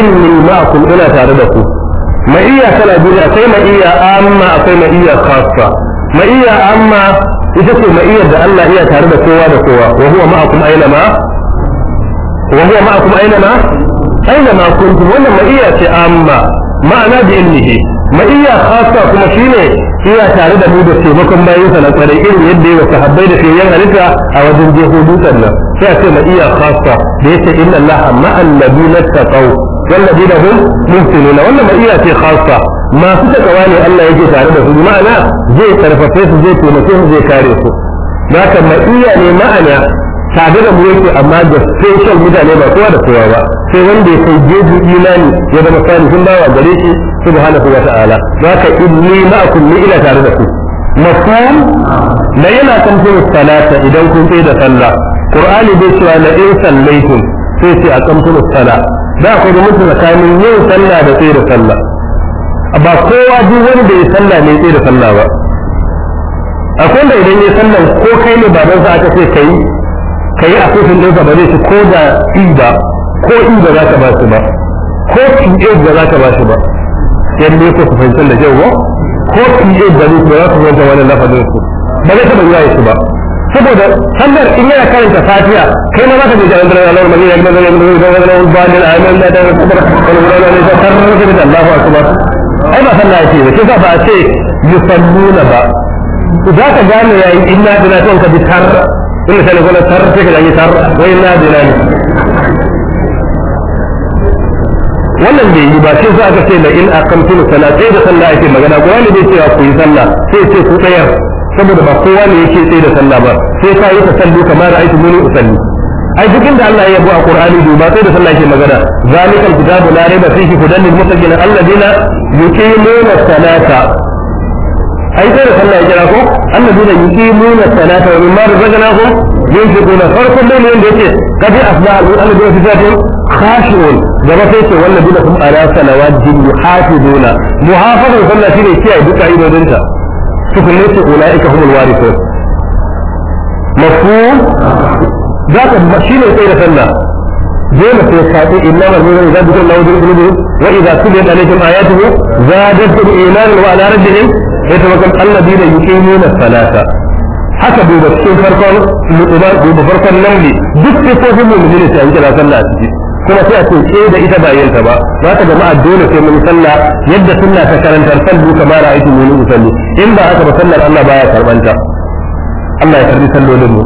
Speaker 1: inni ma'akum ina tare da ku ma'iyya tana biyu akwai ma'iyya amma akwai ma'iyya khassa ma'iyya amma ita ce ma'iyar da Allah iya tare da kowa da kowa wa huwa ma'akum aina ma wa huwa ma'akum aina ma aina ma kuntum wannan ma'iyya ce amma ma'ana da ilmihi ma'iyya khassa kuma shine iya tare da mu da taimakon bayin sa na tsare irin yadda ya sahabbai da fiyan halitta a wajen jehudu sannan sai a ce ma'iyya khassa da yace inna Allah ma'al ladina taqaw wal ladina hum muhsinun wannan ma'iyya ce khassa masu ta ne Allah yake tare da su ma'ana zai karfafe su zai taimake su zai kare su haka ma'iya ne ma'ana tare da mu yake amma da special mutane ba kowa da kowa ba sai wanda ya kai jeji imani ya zama sun bawa gare shi subhanahu wa ta'ala haka inni ma'akum ni ila tare da ku mafhum na yana kan salata idan kun tsaye da sallah ƙur'ani bai cewa na in sallaitum sai sai a kan sala da akwai mutum tsakanin yin sallah da tsaye da sallah ba kowa duk wani da ya sallah ne tsaye da sallah ba akwai da idan ya sallah ko kai ne don sa aka ce kai kai a kofin din sa ba zai ci ko da i ba ko in ba za ka ba shi ba ko ti ba za ka ba shi ba yan ne ko su fahimtar da kyau ba ko ti ba ba za su fahimta wannan lafazin su ba zai taɓa yi shi ba saboda sallar in yana karanta fatiha kai ma ka je ga andara Allah magana ga magana ga magana ga magana ga magana ga magana ga magana ga magana ga magana ga magana ga magana ga ai ba sallah yake ba shi ba a ce yusalluna ba za ka gane yayi inna bina ta ka bi tar inna sai gona tar sai ka yi tar wa inna bina ne
Speaker 3: wannan bai yi ba shi za
Speaker 1: ka ce la in aqamtu salat sai da sallah yake magana ko wani bai cewa ku yi sallah sai ce ku tsayar saboda ba kowa ne yake tsaye da sallah ba sai ka yi ta sallu kamar aiki muni usalli ai duk inda Allah ya yabo a Qur'ani duba sai da sallah yake magana zalikal kitabu la raiba fihi hudan lil muttaqin alladheena yuqimuna salata ai sai da sallah ya kira ko alladheena yuqimuna salata wa mimma razaqnahum yunfiquna farkon dai ne da yake kadi asbaha alladheena fi zatin khashi'un ba sai ce walladheena hum ala salawatihim yuhafizuna muhafazan sallah shine kiyaye duka ibadunta tukunne ce ulaika humul warithun mafhum za ka shi ne tsaye da sallah dole sai ka ce inna ma zai zai zai wa haka farkon farkon duk sifofin mu'mini sai an kira sallah a ciki kuma sai a ce ke da ita ba yanta ba za ka jama'a dole sai mun salla yadda sunna ta karantar sallu kamar ra'aytu mun usalli in ba haka ba sallar Allah baya karbanta Allah ya karbi sallolin mu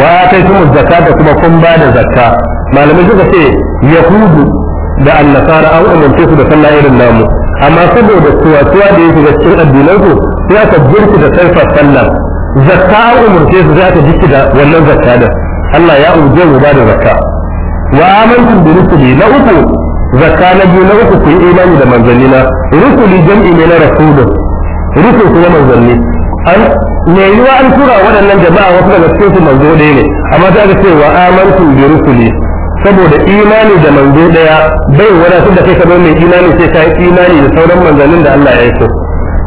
Speaker 1: wa kai kuma zakka da kuma kun ba da zakka malamai suka ce yahudu da annasara an umarce su da sallah irin namu amma saboda tuwatuwa da yake cikin addinansu sai aka jirki da sarfar sallah zakka an umarce su sai aka jirki da wannan zakka da Allah ya umarce mu ba da zakka wa amantum bi rusuli na uku zakka na biyu na uku ku yi imani da manzannina rusuli jam'i ne na rasulun rusul kuma manzanni an me an tura waɗannan jama'a wasu daga cikin su manzo ɗaya ne amma ta ga ce wa amantu bi rusuli saboda imani da manzo ɗaya bai wadatar da kai ka mai imani sai ka yi imani da sauran manzannin da Allah ya yi so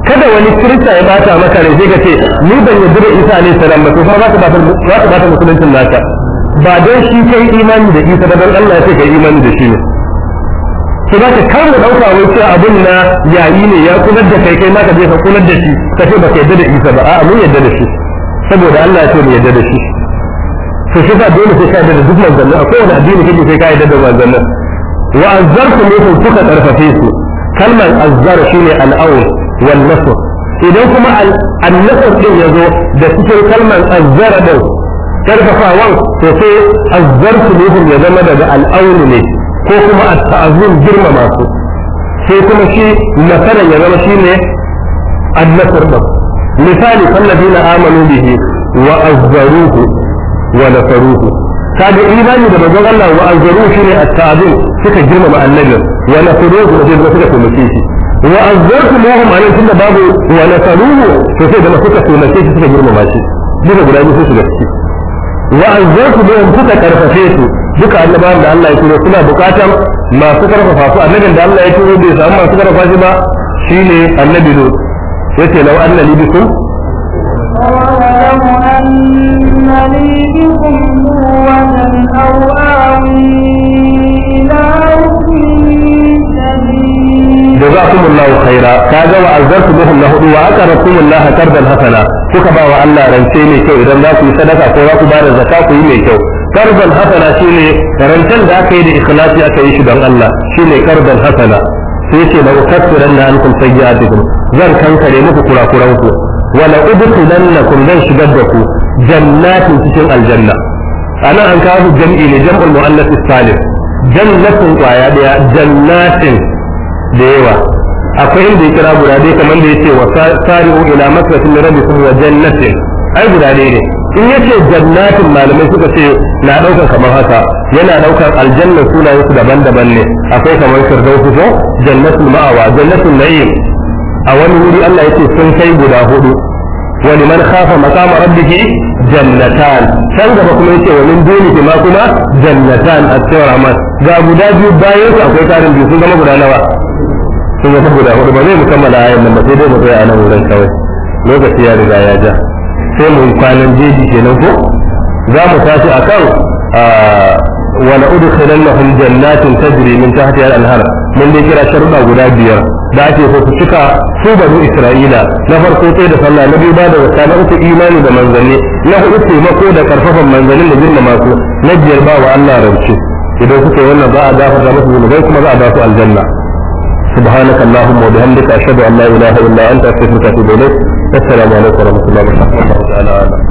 Speaker 1: kada wani kirista ya bata maka ne sai ka ce ni ban yarda da Isa alaihi salam ba to kuma za ka bata musuluncin naka ba don shi kai imani da Isa ba don Allah ya ce kai imani da shi ne su za ka kama ɗauka wai cewa abin na yayi ne ya kunar da kai kai ma ka je ka kunar da shi ka ce baka yadda da isa ba a'a mun yadda da shi saboda Allah ya ce mu yadda da shi to shi ba dole sai ka yadda da duk manzannin a kowane addini kake sai ka yadda da manzannin wa azzarku ne kun kuka karfafe su kalmar azzar shine al'aun wal nasr idan kuma al-nasr din yazo da cikin kalmar azzara din karfafawan to sai azzarku ne ya zama daga al'aun ne ko kuma a ta'azim girmama su sai kuma shi nasara ya zama shi ne annasar ɗin misali fallafi na amanu bihi wa azzaruhu wa nasaruhu kaga imani da manzon Allah wa azzaruhu shine a tazim suka girmama annabi wa nasaruhu da kuma suka taimake shi wa azzartumuhum alayhi tunda babu wa nasaruhu to sai da suka taimake shi suka girmama shi duka guda biyu su shiga ciki wa azzartumuhum kuka karfafe su duka annabawan da Allah ya turo suna bukatan masu karfafa su annabin da Allah ya turo bai samu masu karfafa shi ba shine annabi lut yace law anna li bikum جزاكم الله خيرا كذا وعزرت Allah له وأقرضتم الله idan حسنا كما الله رنسي ميكو إذا لا في صدقة فراكم بار الزكاة في ميكو karban hasana shine karantar da aka yi da ikhlasi aka yi shi don Allah shine karban hasana sai ce la ukaffiranna ankum sayyi'atikum zan kankare muku kurakuran ku wala udkhilannakum zan shigar da ku jannatin cikin aljanna ana an kawo jam'i ne jam'ul muannas salim jannatin kwaya daya jannatin da yawa akwai inda ya kira guda dai kamar da yace wa sari'u ila masratin rabbikum wa jannatin ai guda ne in yake jannatin malamai suka ce na daukar kamar haka yana daukar aljanna sunayen su daban-daban ne akwai kamar firdausu ko jannatul ma'awa jannatul na'im a wani wuri Allah yake sun kai guda hudu wa liman khafa maqama rabbihi jannatan san gaba kuma yake wa min dunihi ma kuma jannatan at-tawra ga guda biyu bayan su akwai tarin biyu sun gama guda nawa sun zama guda hudu ba zai mu kammala ayan nan ba sai dai mu tsaya a nan wurin kawai lokaci ya riga ya ja sai mu yi kwanan jeji kenan ko za mu tashi akan wa na udkhilannahum jannatin tajri min tahtiha al-anhar mun dai kira sharuɗa guda biyar da ake so su cika su banu isra'ila na farko sai da sallah na biyu ba da wata na uku imani da manzanni na hudu taimako da karfafan manzannin da girma masu na biyar ba wa Allah rance idan suka yi wannan za a gafarta musu zunubai kuma za a ba su aljanna سبحانك اللهم وبحمدك أشهد أن لا إله إلا أنت أستغفرك وأتوب إليك السلام عليكم ورحمة الله وبركاته ƙanana